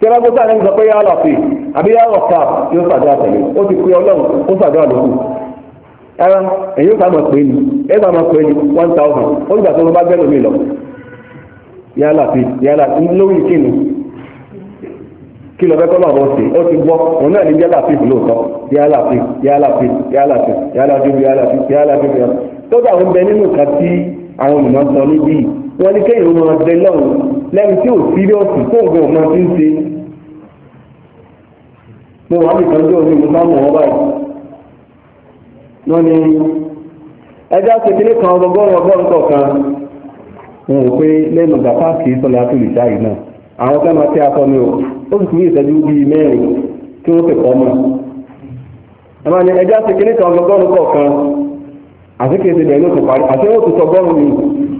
tẹ́lá gbọ́dọ̀ àná ìgbà pé yá àlàfé àbí yá ọ̀fà yóò sàdúrà tẹ̀lé ó ti pé ọlọ́run ó sàdúrà lókù ẹ̀rọ ẹ̀yìn ìgbà máa pè ní ẹ̀gbà máa pè ní one thousand ó nígbà tó bá gbẹ́lómi lọ yá àlàfé yá àlàfé lórí kíni kí lọ fẹ́ kọ́ lọ́wọ́ sí ó ti gbọ́ òun náà ní yá àlàfé lóòótọ́ yá àlàfé yá àlàfé yá àlàfé yá àlàfé yá àlàfé yá àlàfé tó dà ń bẹ nínú kan tí àwọn olùmọ̀ sọ níbí yìí wọ́n ní kéèyàn máa bẹ lọ́run lẹ́nu tí ò síríọ̀sì tó nǹkan ọ̀ma ti ń ṣe mo wà ní ìtọ́jú omi mo bá báyìí wọ́n ní ẹja kékeré kan ọgọ́rùn ọgọ́rùn kọ̀ọ̀kan wọn ò pé lẹ́nu bàbá náà àwọn akọ ni o ó sì ìṣẹ́jú bíi mẹ́rin tí wọ́n fi kọ́ mọ́ kan kọ̀ọ̀kan àti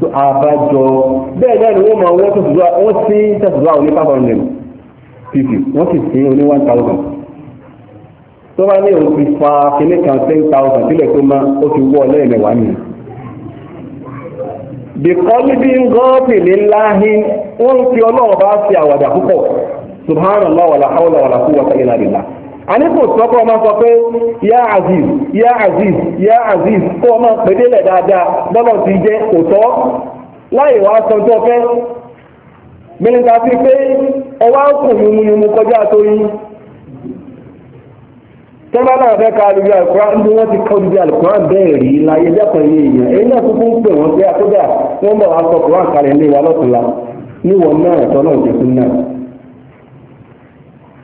tó àbájọ bẹ́ẹ̀ náà ni wọ́n máa wọ́n tẹ̀sùdúrà wọ́n sí zuwa five hundred fifty sì sí one thousand tó bá ní òun ti fa kan ten thousand sílẹ̀ tó ó ti lẹ́ẹ̀mẹ̀wá nìyẹn. bìkọ́lí subhanallah wàlá wàlá àníkù sọ́kọ́ ọmọ sọ pé yá aziz yá aziz yá aziz kó ọmọ pèdélẹ̀ dáadáa bọ́lọ̀ ti jẹ́ òtọ́ láì wá sọ tó fẹ́ mílíta fi pé ọwá kù yumuyumu kọjá torí tọ́lá náà fẹ́ ka alùpùpù alùpùpù ní wọ́n ti kọ́ ibi alùpùpù bẹ́ẹ̀ rí láyé iye èèyàn èyí náà pè wọ́n wọ́n bọ̀ wá sọ kalẹ̀ ní lọ́tùlá níwọ̀n náà fún náà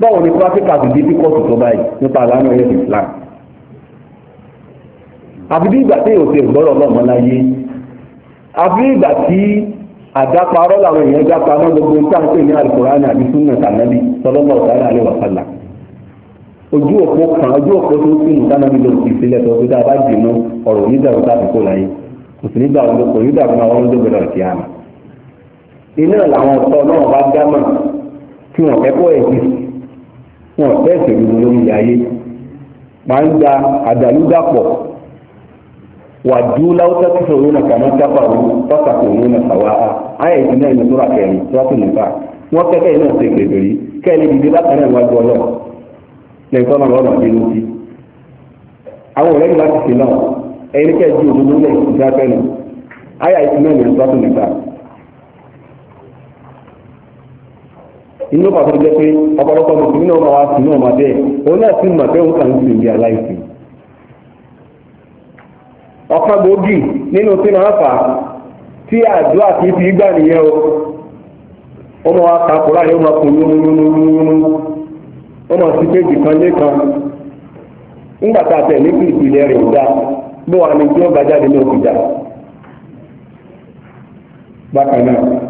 báwo ni pàtíkà ti di píkọ́ọ̀tù tó báyìí nípa àlànà ẹ̀yẹ́ Islam àfi bí ìgbà tí òsè gbọ́dọ̀ lọ́mọ láyé àfi ìgbà tí àdáparọ́ làwọn èèyàn dápa náà gbogbo ń tàn pé ní alukurani àbí súnà tànàbí sọlọ́mọ ọ̀tàrà àlẹ́ wàhálà ojú òpó kan ojú òpó tó sínú tànàbí ló ti sílẹ̀ tó fi dáa bá dì mọ́ ọ̀rọ̀ onídàrú tàbí kò láyé kò sí nígbà wọn kò nígbà wọn àwọn ọdún gbọ́dọ̀ ti hàn iná làwọn ọ̀tọ̀ náà bá dámà tí wọn kẹ́kọ̀ọ́ ẹ̀sìn wọn ọ̀fẹ́ ìṣèlú lórí ayé máa ń da àdàlúdàpọ̀ wà dúró láwùjọ tí sọ̀rọ̀ náà kà máa sábà wọn pàtàkì òun náà sàwà á ayé ìdí náà ní sọ́ra kẹrin sọ́tù nípa wọn kẹ́kẹ́ náà ṣe gbèbèrè kẹ́lẹ́ ìdílé bákan náà wájú ọlọ́ lẹ́yìn tọ́nà lọ́nà bí ló ti àwọn ọ̀rẹ́ ìlà ti ṣe náà ẹ̀yin kẹ́ẹ̀ ju òdodo lẹ́yìn ìdáfẹ́ náà ayé ìdí náà ní sọ́tù nípa inú pàtó jẹ́ pé ọ̀pọ̀lọpọ̀ mùsùlùmí náà máa wá sí náà máa bẹ́ẹ̀ òun náà sì mọ̀ pé òun kàn ń sìn bí aláìsí. ọ̀kan gbòógì nínú tí máa fà á tí àdúrà kì í fi nìyẹn o ó máa wá ka kúrò àyè ó máa kún yúnúyúnúyúnú ó máa sí péjì kan lé kan ńgbà tá a tẹ̀ ní ìpìlẹ̀ rẹ̀ dá bó wà ní tí ó gbàjáde ní òkúta bákan náà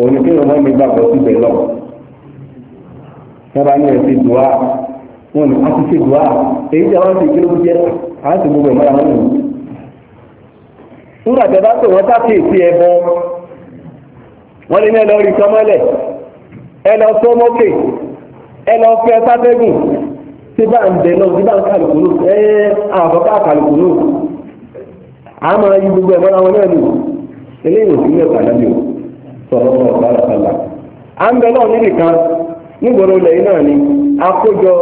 òun ni kéèyàn mọ́ mi gbàgbọ́ síbẹ̀ lọ sábà ní ẹ̀sìn dùá wọn ni a ti ṣe dùá èyí tí àwọn ti kí ló jẹ́ a ti gbogbo ìmọ̀ra wọn nìyí. nígbà tí a bá pè wọ́n sáfì èsì ẹ̀bọ wọ́n lé ní ẹlọ rí sọmọ́lẹ̀ ẹlọ sọmọ́kè ẹlọ fẹ́ sáfẹ́gùn tí bá ń bẹ̀ náà tí bá ń kàlùkù náà ẹ àfọ́ká kàlùkù náà àmọ́ ayé gbogbo ìmọ̀ra wọn náà nìyí eléyìí ò sí ní ẹ̀kọ́ àdáyé o. a ọ̀gá ń bẹ náà níbì kan nígboro ilẹ̀ yìí náà ni àkójọ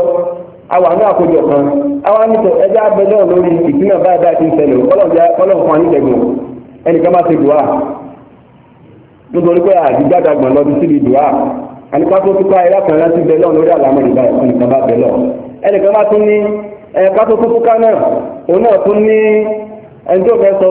ní àkójọ kan àwa nítọ ẹjẹ abẹ náà lórí ìpínlẹ̀ báyìí ti ń o ọlọ́run fún ẹnìkan bá ti dùá nítorí pé dùá tó láti bẹ náà lórí àlámọ̀ ìgbà ẹnìkan bá bẹ ẹnìkan bá tún ní ẹ̀ka tó tún náà òun náà tún ní ẹni tó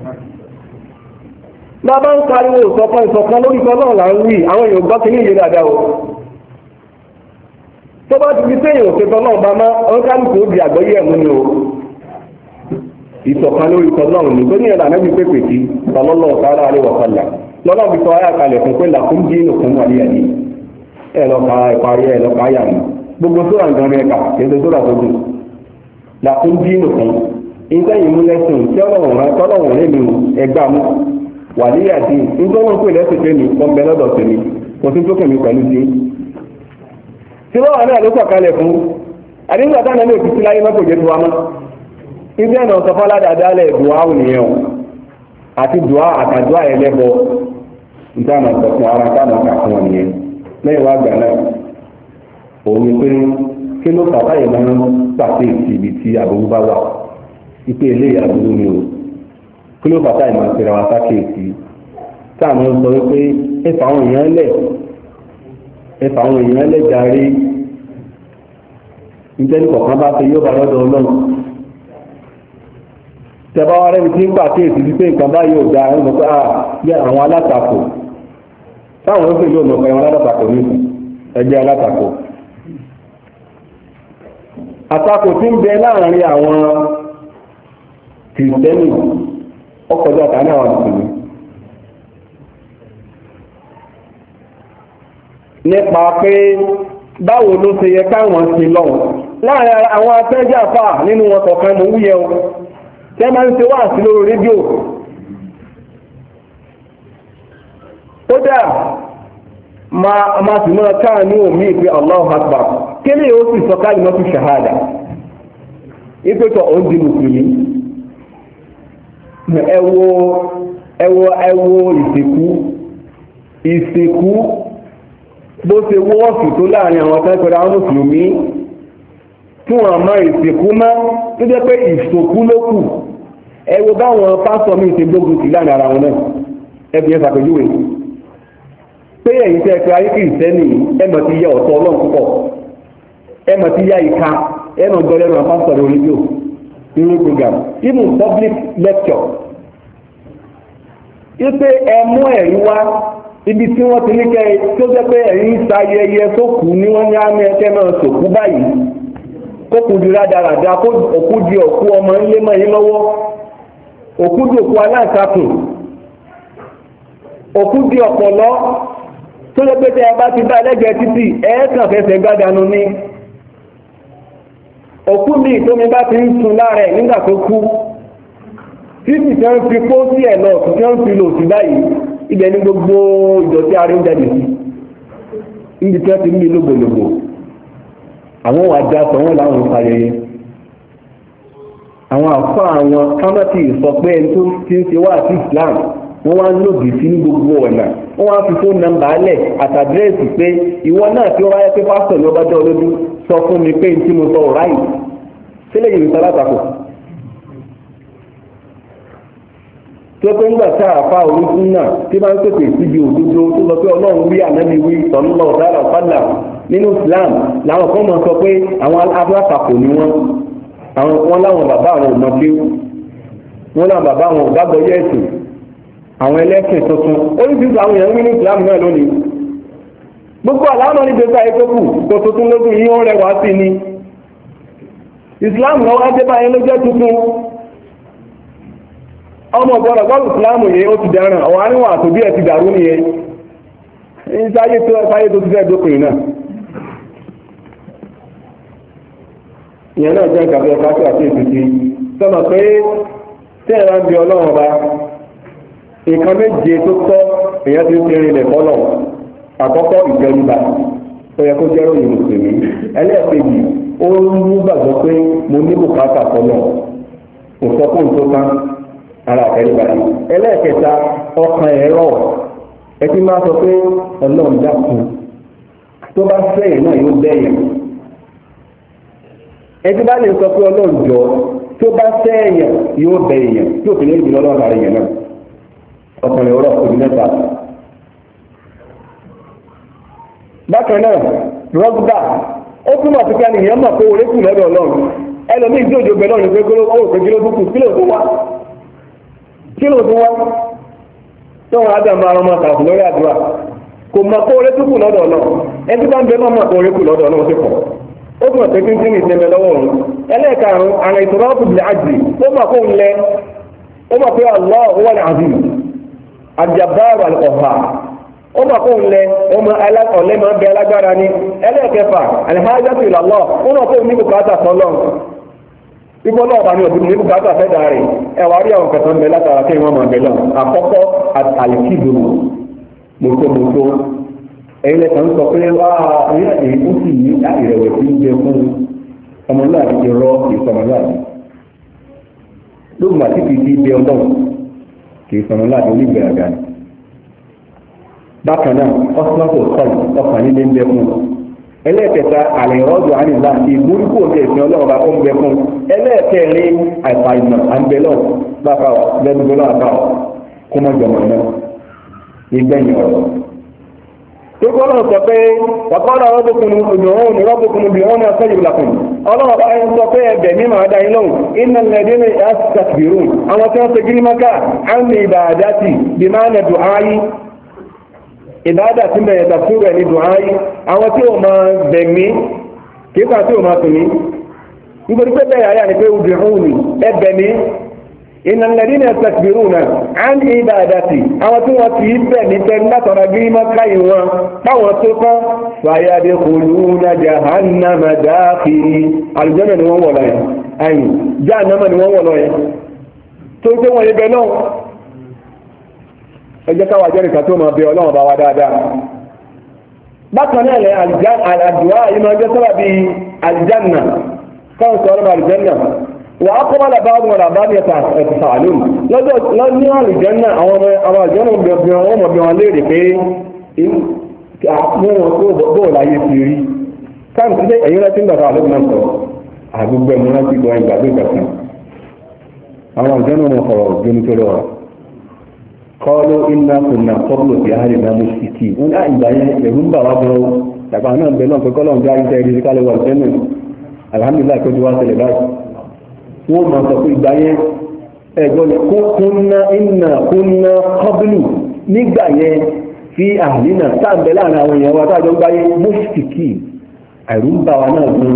bàbá ń pariwo ìṣọ̀kan ìṣọ̀kan lórí kan náà là ń wí àwọn èèyàn gbọ́ kínní ìlera dáa o tó bá ti fi séyìn bá má o ìṣọ̀kan lórí kan náà tó ní ẹ̀rọ ànábi pépè sí ọlọ́lọ́ ọ̀sára àríwá ọ̀sálà lọ́lọ́ fi sọ ayàkalẹ̀ fún pé làkún dín òkun wà níyàní ìparí gbogbo sóra kà kéde sóra tó dùn làkún wàlíyà dín nítorí pé lẹ́sìn pé mi kọ́ mbẹ lọ́dọ̀ tèmi kò sí tó kẹ̀mí pẹ̀lú dín. tí wọ́n wà náà ló kalẹ̀ fún àdéhùn àtàwọn ẹni òkìtì láyé jẹ́ tiwa mọ́ ibi ẹ̀nà ọ̀sọ̀fọ́lá dáadáa lẹ̀ dùá ònìyàn àti dùá àtàdùá ara kà fún wọn nìyẹn lẹ́yìn wá gbà náà òun pé kí ló máa ń pàṣẹ tí àbúrú bá wà kí ló bàtà ìmọ̀ ìpèrè wa sákèèsí táàmù sọ wípé ẹfà àwọn èèyàn lẹ̀ ẹfà àwọn èèyàn lẹ̀ jàre nítorí kọ̀ọ̀kan bá ṣe yóò bá lọ́dọ̀ ọlọ́run tẹ́bá wa rẹ́ni tí ń pàkíyèsí wípé nǹkan báyìí ò dáa ń sọ pé yẹ àwọn alátakò táwọn ló fèlè ọ̀nà ọ̀pẹ̀rẹ̀ alátakò ní ẹgbẹ́ alátakò àtakò tí ń bẹ láàrin àwọn kìrìtẹ́nì ọkọjá àtàlẹ́ àwọn àdùsùnmí nípa pé báwo ló ṣe yẹ káwọn ṣe lọ́wọ́ láàrin àwọn atẹ́jẹ́ àfà nínú wọn kọ̀ọ̀kan mò wúyẹ o tẹ́ máa ń ṣe wá sí lórí rédíò kódà máa sì ìpè Akbar kí ni ó sì sọ mùsùlùmí ẹwọ ẹwọ ẹwọ ìsìnkú ìsìnkú bó ṣe wọ́ọ̀sì tó láàrin àwọn akẹ́kọ̀ọ́ àwọn mùsùlùmí tí wọ́n mọ ìsìnkú mọ́ tó jẹ́ pé ìsìnkú ló kù ẹwọ báwọn pásọ mi ṣe gbógun sí láàrin ara wọn náà ẹbí ẹ ṣàpèjúwe pé ẹ̀yin tẹ́ ẹ pé ayé kìrìsẹ́nì ẹ mọ̀ ti yẹ ọ̀tọ̀ ọlọ́run púpọ̀ ẹ mọ̀ ti yá ìka ẹ mọ̀ gbọ́dọ̀ ẹ̀rọ pásọ lórí rédíò nínú program even public lecture wípé ẹ mú ẹ̀rí wá ibi tí wọ́n ti ní kẹ́ ẹ tó jẹ́ pé ẹ̀rí ń sa ayẹyẹ tó kù ní wọ́n ní àmì ẹ̀kẹ́ náà sòkú báyìí kó kù di rádaràda kó òkú di òkú ọmọ ńlé mọ́ yín lọ́wọ́ òkú di òkú aláǹtakùn òkú di ọ̀pọ̀lọ́ tó lọ pé tẹ ẹ bá ti bá ẹlẹ́gbẹ̀ẹ́ títì ẹ̀ẹ́kàn fẹsẹ̀ gbádànù ni òkú mi ìtómi bá ti ń sun lára ẹ̀ nígbà tó kú fífi tí wọ́n fi kó sí ẹ̀ náà tí wọ́n fi lò sí báyìí ibẹ̀ ní gbogbo ìdọ̀tí ara ń jáde sí níbi tí wọ́n ti ń bí lógbòlógbò àwọn wà dá sọ wọn láwọn ìpàdéyé àwọn àfa àwọn kámẹ́tì sọ pé ẹni tó ti ń ṣe wá sí Islam wọ́n wá ń lòdì sí ní gbogbo ọ̀nà wọ́n wá fi fóònù nọ́mbà alẹ̀ àtàdírẹ́sì pé ìwọ náà tí wọ́n wáyé pé pásítọ̀ ní ọbàjọ́ olódú sọ fún mi pé ní tí mo sọ ọ̀ráyì sílẹ̀ yìí ń sọ látàkùn tọ́pẹ́ ńgbà tá a fa orí fún náà tí bá ń pèpè síbi òdodo tó sọ pé ọlọ́run wí ànábi wí sọ̀nùlọ́ ọ̀dáàlà fàlà nínú Islam làwọn kan máa sọ pé àwọn alátakò ni wọ́n àwọn wọn láwọn bàbá àwọn ọmọ tí wọn láwọn bàbá àwọn ọ̀gágbọ́ yẹ ẹ̀sìn àwọn ẹlẹ́sìn tuntun oríṣiríṣi àwọn èèyàn ń rí ní Islam náà lónìí gbogbo àlámọ́ ní gbèsè ayé tó kù kò tuntun lógún yìí ó rẹwà sí ni Islam náà wá dé báyẹn ló jẹ́ tuntun ọmọ ọ̀gbọ́dọ̀ gbọ́dọ̀ ìsìláàmù yẹn ó ti dáràn ọ̀wọ́ àríwá àtòbí ẹ̀ ti dàrú nìyẹn ní sáyé tó sáyé tó ti fẹ́ dókòrè náà ìyẹn náà jẹ́ ìkàfẹ́ káfíà sí ìtìtì sọ́mọ pé tí ẹ̀rọ ń bi ọlọ́run ọba nǹkan méje tó tọ́ èèyàn ti ń fi rinlẹ̀ fọ́lọ̀ àkọ́kọ́ ìjẹrìba tó yẹ kó jẹ́ ròyìn mùsùlùmí ẹlẹ́ẹ̀kejì ó ń mú gbàgbọ́ pé mo ní bùkátà fọ́lọ̀ òsọ́kùn tó tán ara ọ̀kẹ́rì padà ẹlẹ́ẹ̀kẹta ọkàn ẹ̀rọ ẹtí máa sọ pé ọlọ́run dákun tó bá fẹ́yìn náà yóò bẹ́yìn ẹtí bá lè sọ pé ọlọ́run jọ tó bá fẹ́yìn yóò bẹ́yìn tí òfin lè jùlọ lọ́rùn àrẹ yẹn náà ọkàn ẹ̀rọ òbí mẹ́ta. bákan náà rọ́gbà ó túmọ̀ sí kẹ́ni ìyẹn mọ̀ pé orékùn lọ́dọ̀ ọlọ́run ẹlòmíì tí òjò ló kí ló tún wá tọ́wọ́n ágbà máa rán máa lórí àdúrà kò mọ̀ kó orí túkù lọ́dọ̀ náà ẹni bá ń bẹ máa mọ̀ kó orí kù lọ́dọ̀ náà ti pọ̀ ó kí n tún ìsinmi lọ́wọ́ òun ẹlẹ́ẹ̀karùn-ún ìtura ó bìbìlì àjì ó mọ̀ kó ó mọ̀ pé ní àbí ọ̀fà ó mọ̀ kó Ibọ́ náà bá ní ọ̀dún ní bùkátà fẹ́ dáa rẹ̀ ẹwà rí àwọn kẹsàn-án bẹ látara kí wọ́n máa bẹ náà. Àkọ́kọ́ àìsídò mọ̀tòmọ̀tò ẹ̀yin lẹ́sàn-án sọ pé wá èyí tó sì ní ìrẹ̀wẹ̀sì ń jẹ fún ọmọ náà ti rọ ìsọmọ náà. Lóògùn àti kìí fi bẹ ọlọ́run kìí sọmọ náà ní onígbèrè àgbà. Bákan náà, ọ́sán kò sọ̀rọ̀ ọkàn nílé ń bẹ fún ọ ẹlẹ́ẹ̀kẹta àlẹ́rọ́jọ àníńlá ìgbóríkù òde ìsìn ọlọ́run bá fún bẹ fún ẹlẹ́ẹ̀kẹrin àìsàìmọ̀ àǹbẹ̀lọ́ bàbá ọ lẹ́nu gbọ́dọ̀ náà ìgbẹ̀yìn ọ̀rọ̀. Tókọ́ náà sọ pé ọ̀pọ̀lọ̀ Ọlọ́run bá ń sọ pé ẹ̀bẹ̀ mímọ̀ ọ̀dá yín ní ìbáàdà tí bẹ̀rẹ̀ tàfún rẹ̀ ní ni pé obì hùn ní ẹ bẹ̀mí iná lẹ́dí náà tẹ̀sibirú náà á ní ìbáàdà tì àwọn tí wọ́n ti bẹ̀ ní tẹ́ látọ̀rọ̀ bí má káyì wọn báwọn tó kọ́ fàyàdé kòlù nàjà àlùjọ́nà ni wọ́n wọ̀ lọ́yẹ̀ àyìn jáà ni wọ́n wọ̀ lọ́yẹ̀ tó ń ẹ jẹ́ káwa jẹ́rìí kan tó máa bẹ ọlọ́run bá wa dáadáa bákan náà lẹ àdúrà yìí máa jẹ́ sábà bíi àlìjánà káwọn sọ ọlọ́run àlìjánà wà á kọ́mọ́lá bá wọn rà bá ní ẹ̀ta ẹ̀ta àlùm lọ́jọ́ ní àlìjánà àwọn ọmọ àwọn àlìjánà bí wọn mọ̀ bí wọn léèrè pé àwọn tó bọ̀ láyé ti rí káwọn ti dé ẹ̀yìn láti ń bàtà àlùm náà sọ àgbègbè mìíràn ti gbọ́ ẹgbàgbé kàkà àwọn àlìjánà mọ̀ sọ̀rọ̀ jóni tó lọ́wọ́ kọ́ló iná kùnà kọ́bùlù bí a rí náà mú sí kí ní àìgbà yẹn ẹ̀rú ń bà wá bọ́ tàbí àwọn náà bẹ̀ náà pẹ̀kọ́ lọ́n jáde jẹ́ ìrírí kálẹ̀ wà jẹ́nu alhamdulillah kó ti wá ṣẹlẹ̀ báyìí wọ́n mọ̀ sọ pé ìgbà yẹn ẹ̀gbọ́n ni kúnná iná kúnná kọ́bùlù nígbà yẹn fi àhìnà sáàbẹ̀ láàrin àwọn èèyàn wa tájọ gbáyé mú sí kí ẹ̀rú ń bà wá náà gan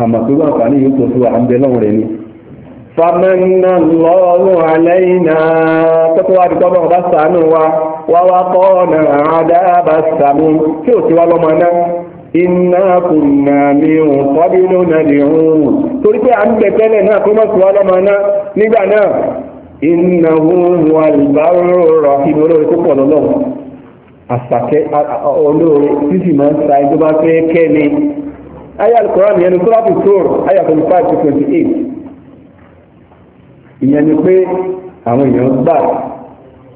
àmọ̀ pé wọ́n àǹfààní yóò tó فمن الله علينا تقوى بطبع بسانوا ووقانا عذاب السموم شو سوى لمنا inna kunna min qablu nad'u torí pé à ń bẹ̀ tẹ́lẹ̀ náà kó mọ̀ sí wa lọ́mọ náà nígbà olóore tó máa ń sa ìyẹn ni pé àwọn èèyàn gbà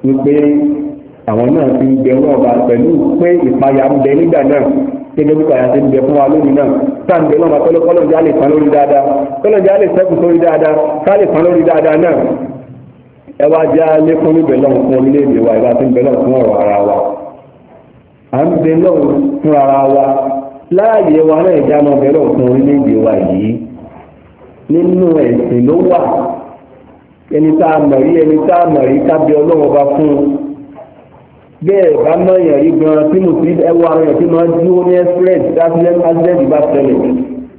wípé àwọn náà ti ń bẹ ọlọ́ọ̀ba pẹ̀lú pé ìpayà ń bẹ nígbà náà gẹ́gẹ́ bí kàyà ti ń bẹ fún wa lónìí náà táà ń bẹ lọ́mọ pẹ́lú kọ́lọ́jà lè san lórí dáadáa lè wa ìwà ti ń bẹ lọ́hùn fún ọ̀rọ̀ ara wa à ń ẹni tá a mọ̀ rí ẹni tá a mọ̀ rí kábí ọlọ́wọ́ bá fún un bẹ́ẹ̀ bá mọ̀ yàn rí gan-an tí mo ti ẹwọ́ ara yàn tí máa dúró ní express accident bá ṣẹlẹ̀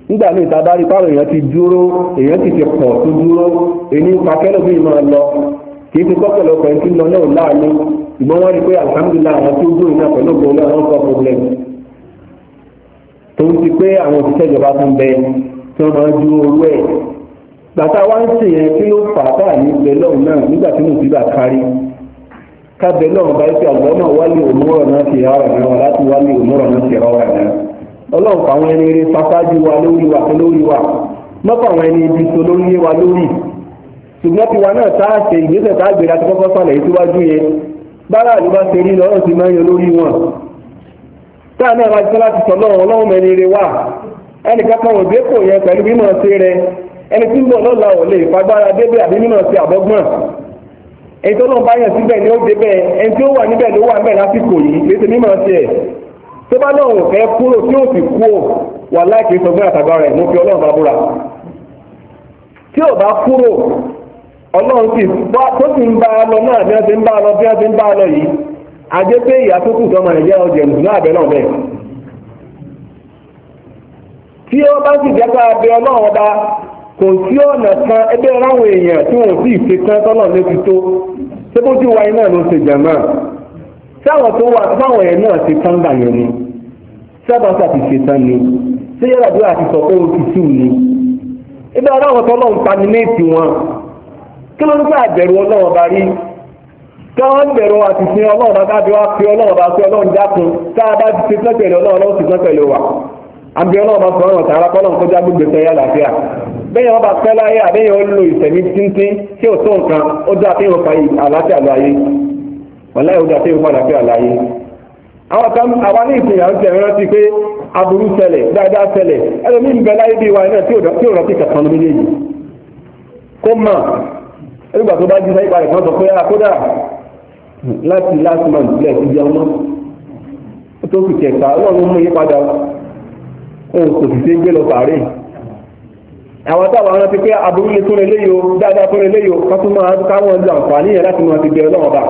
nígbà míì tá a bá rí pààrọ̀ èèyàn ti dúró èèyàn ti ti pọ̀ tó dúró èyí ń pa kẹ́lọ́bì máa lọ kì í ti kọ́ pẹ̀lọpọ̀ ẹni tí ń lọ náà láàánú ìgbọ́n wọ́n rí pé alhamdulillah àwọn tó dúró iná pẹ̀lú ògbó náà wọ́n kọ́ problem tó ń ti pé àwọn òṣìṣẹ́ ìjọba tó ń bẹ tí wọ́n máa dúró owó ẹ̀ bàtà wá ń sè yẹn kí ló fà á báà ní bẹlọ́ọ̀ náà nígbà tí mo ti bá kárí ká bẹlọ́ọ̀ bá ṣe àgbọ̀ náà wálé òmùrọ̀ náà ti rárá náà láti wálé òmùrọ̀ náà ti rárá náà ọlọ́run fà àwọn ẹni eré fasájú wa lórí wa tó lórí wa mọ́pọ̀ àwọn ẹni ibi tó lórí wa lórí ṣùgbọ́n tiwa náà tá a ṣe ìgbésẹ̀ tá a gbèrè àti kọ́kọ́ sàlẹ̀ síwájú yẹn bára ló bá ṣe rí lọ́rọ̀ ti máa ń yọ lórí wọn táà náà bá ti sọ láti sọ lọ́rùn ọlọ́run mẹ́rin eré wa ẹnì kankan òbí kò yẹ pẹ̀lú bí ṣe rẹ ẹni tí ń bọ̀ lọ́la ò lè fagbára débẹ̀ àbí mímọ̀ sí àbọ́gbọ́n ẹni tó lọ́n bá yàn síbẹ̀ ni ó débẹ̀ ẹni tí ó wà níbẹ̀ ló wà níbẹ̀ lásìkò yìí lè mímọ̀ sí ẹ̀ tó bá náà fẹ́ kúrò tí ó sì kú ò wà sọgbọ́n àtàgbára ẹ̀ mo fi ọlọ́run bá búra tí ò bá kúrò ọlọ́run sì tó sì ń bá a lọ náà bí wọ́n ti ọba kò sí ọ̀nà kan ẹgbẹ́ ráwọn èèyàn tí wọ́n sì ṣe tán tọ́lọ̀ létí tó bó ti iná ló ṣe jàmá sáwọn tó wà sáwọn náà ṣe tán ni sábà sàti ṣe ni ṣé yàrá àti sọ pé ti ni ẹgbẹ́ ráwọn ń bá rí káwọn ń bẹ̀rù àti bá wá bá dákun bá ti ṣe tán pẹ̀lú ti tán wa àbí bá tààrà bẹ́yàn ọba pẹ́ láyé àbẹ́yàn ó lo ìtẹ̀mí tíntín tí ó tó nǹkan ó dá pé ó fa àlàáfíà lọ ayé wàlá ó dá pé ó fa àlàáfíà lọ ayé. àwọn kan àwa ní ìpìlẹ̀ àwọn tẹ̀rẹ̀ rántí pé aburú ṣẹlẹ̀ dáadáa ṣẹlẹ̀ ẹlòmí ń bẹ láyé bí wa náà tí ò rántí kàkan ló méjèèjì. kó mà nígbà tó bá jí sáyé parẹ̀ kan sọ pé àkódà ah, láti last month lẹ̀ ti jẹun mọ́ ó tó kù kẹta ọlọ́run mú yí padà òun kò sì àwọn táwọn ọ̀rọ̀ ti pé aburú lè tún eléyò dáadáa tún eléyò kátó máa káwọn ọjọ́ àǹfààní yẹn láti máa ti bẹ̀rẹ̀ lọ́wọ́ bá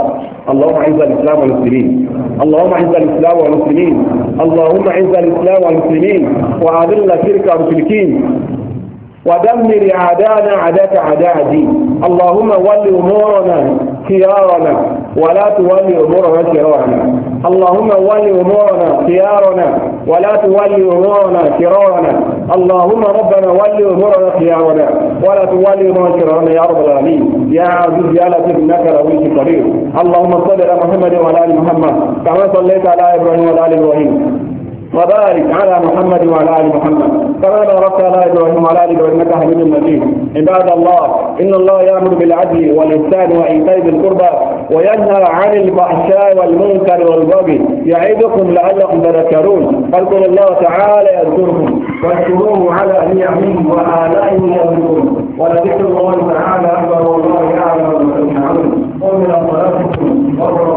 اللهم اعز الاسلام والمسلمين اللهم اعز الاسلام والمسلمين اللهم اعز الاسلام والمسلمين واذل الشرك والمشركين ودمر أعداءنا عداك أعداء دين اللهم ول أمورنا خيارنا ولا تولي أمورنا شرارنا اللهم ول أمورنا خيارنا ولا تولي أمورنا شرارنا اللهم ربنا ول أمورنا خيارنا ولا تولي أمورنا شرارنا يا رب العالمين يا عزيز يا لطيف إنك رؤوف قدير اللهم صل على محمد وعلى آل محمد كما صليت على إبراهيم وعلى آل إبراهيم وبارك على محمد وعلى آل محمد كما باركت على إبراهيم وعلى آل إبراهيم إنك حميد مجيد عباد الله إن الله يأمر بالعدل والإحسان وإيتاء ذي القربى وينهى عن الفحشاء والمنكر والبغي يعظكم لعلكم تذكرون فاذكروا الله تعالى يذكركم واشكروه على نعمه وآلائه يذكركم ولذكر الله تعالى أكبر والله أعلم ما تسمعون قم إلى صلاتكم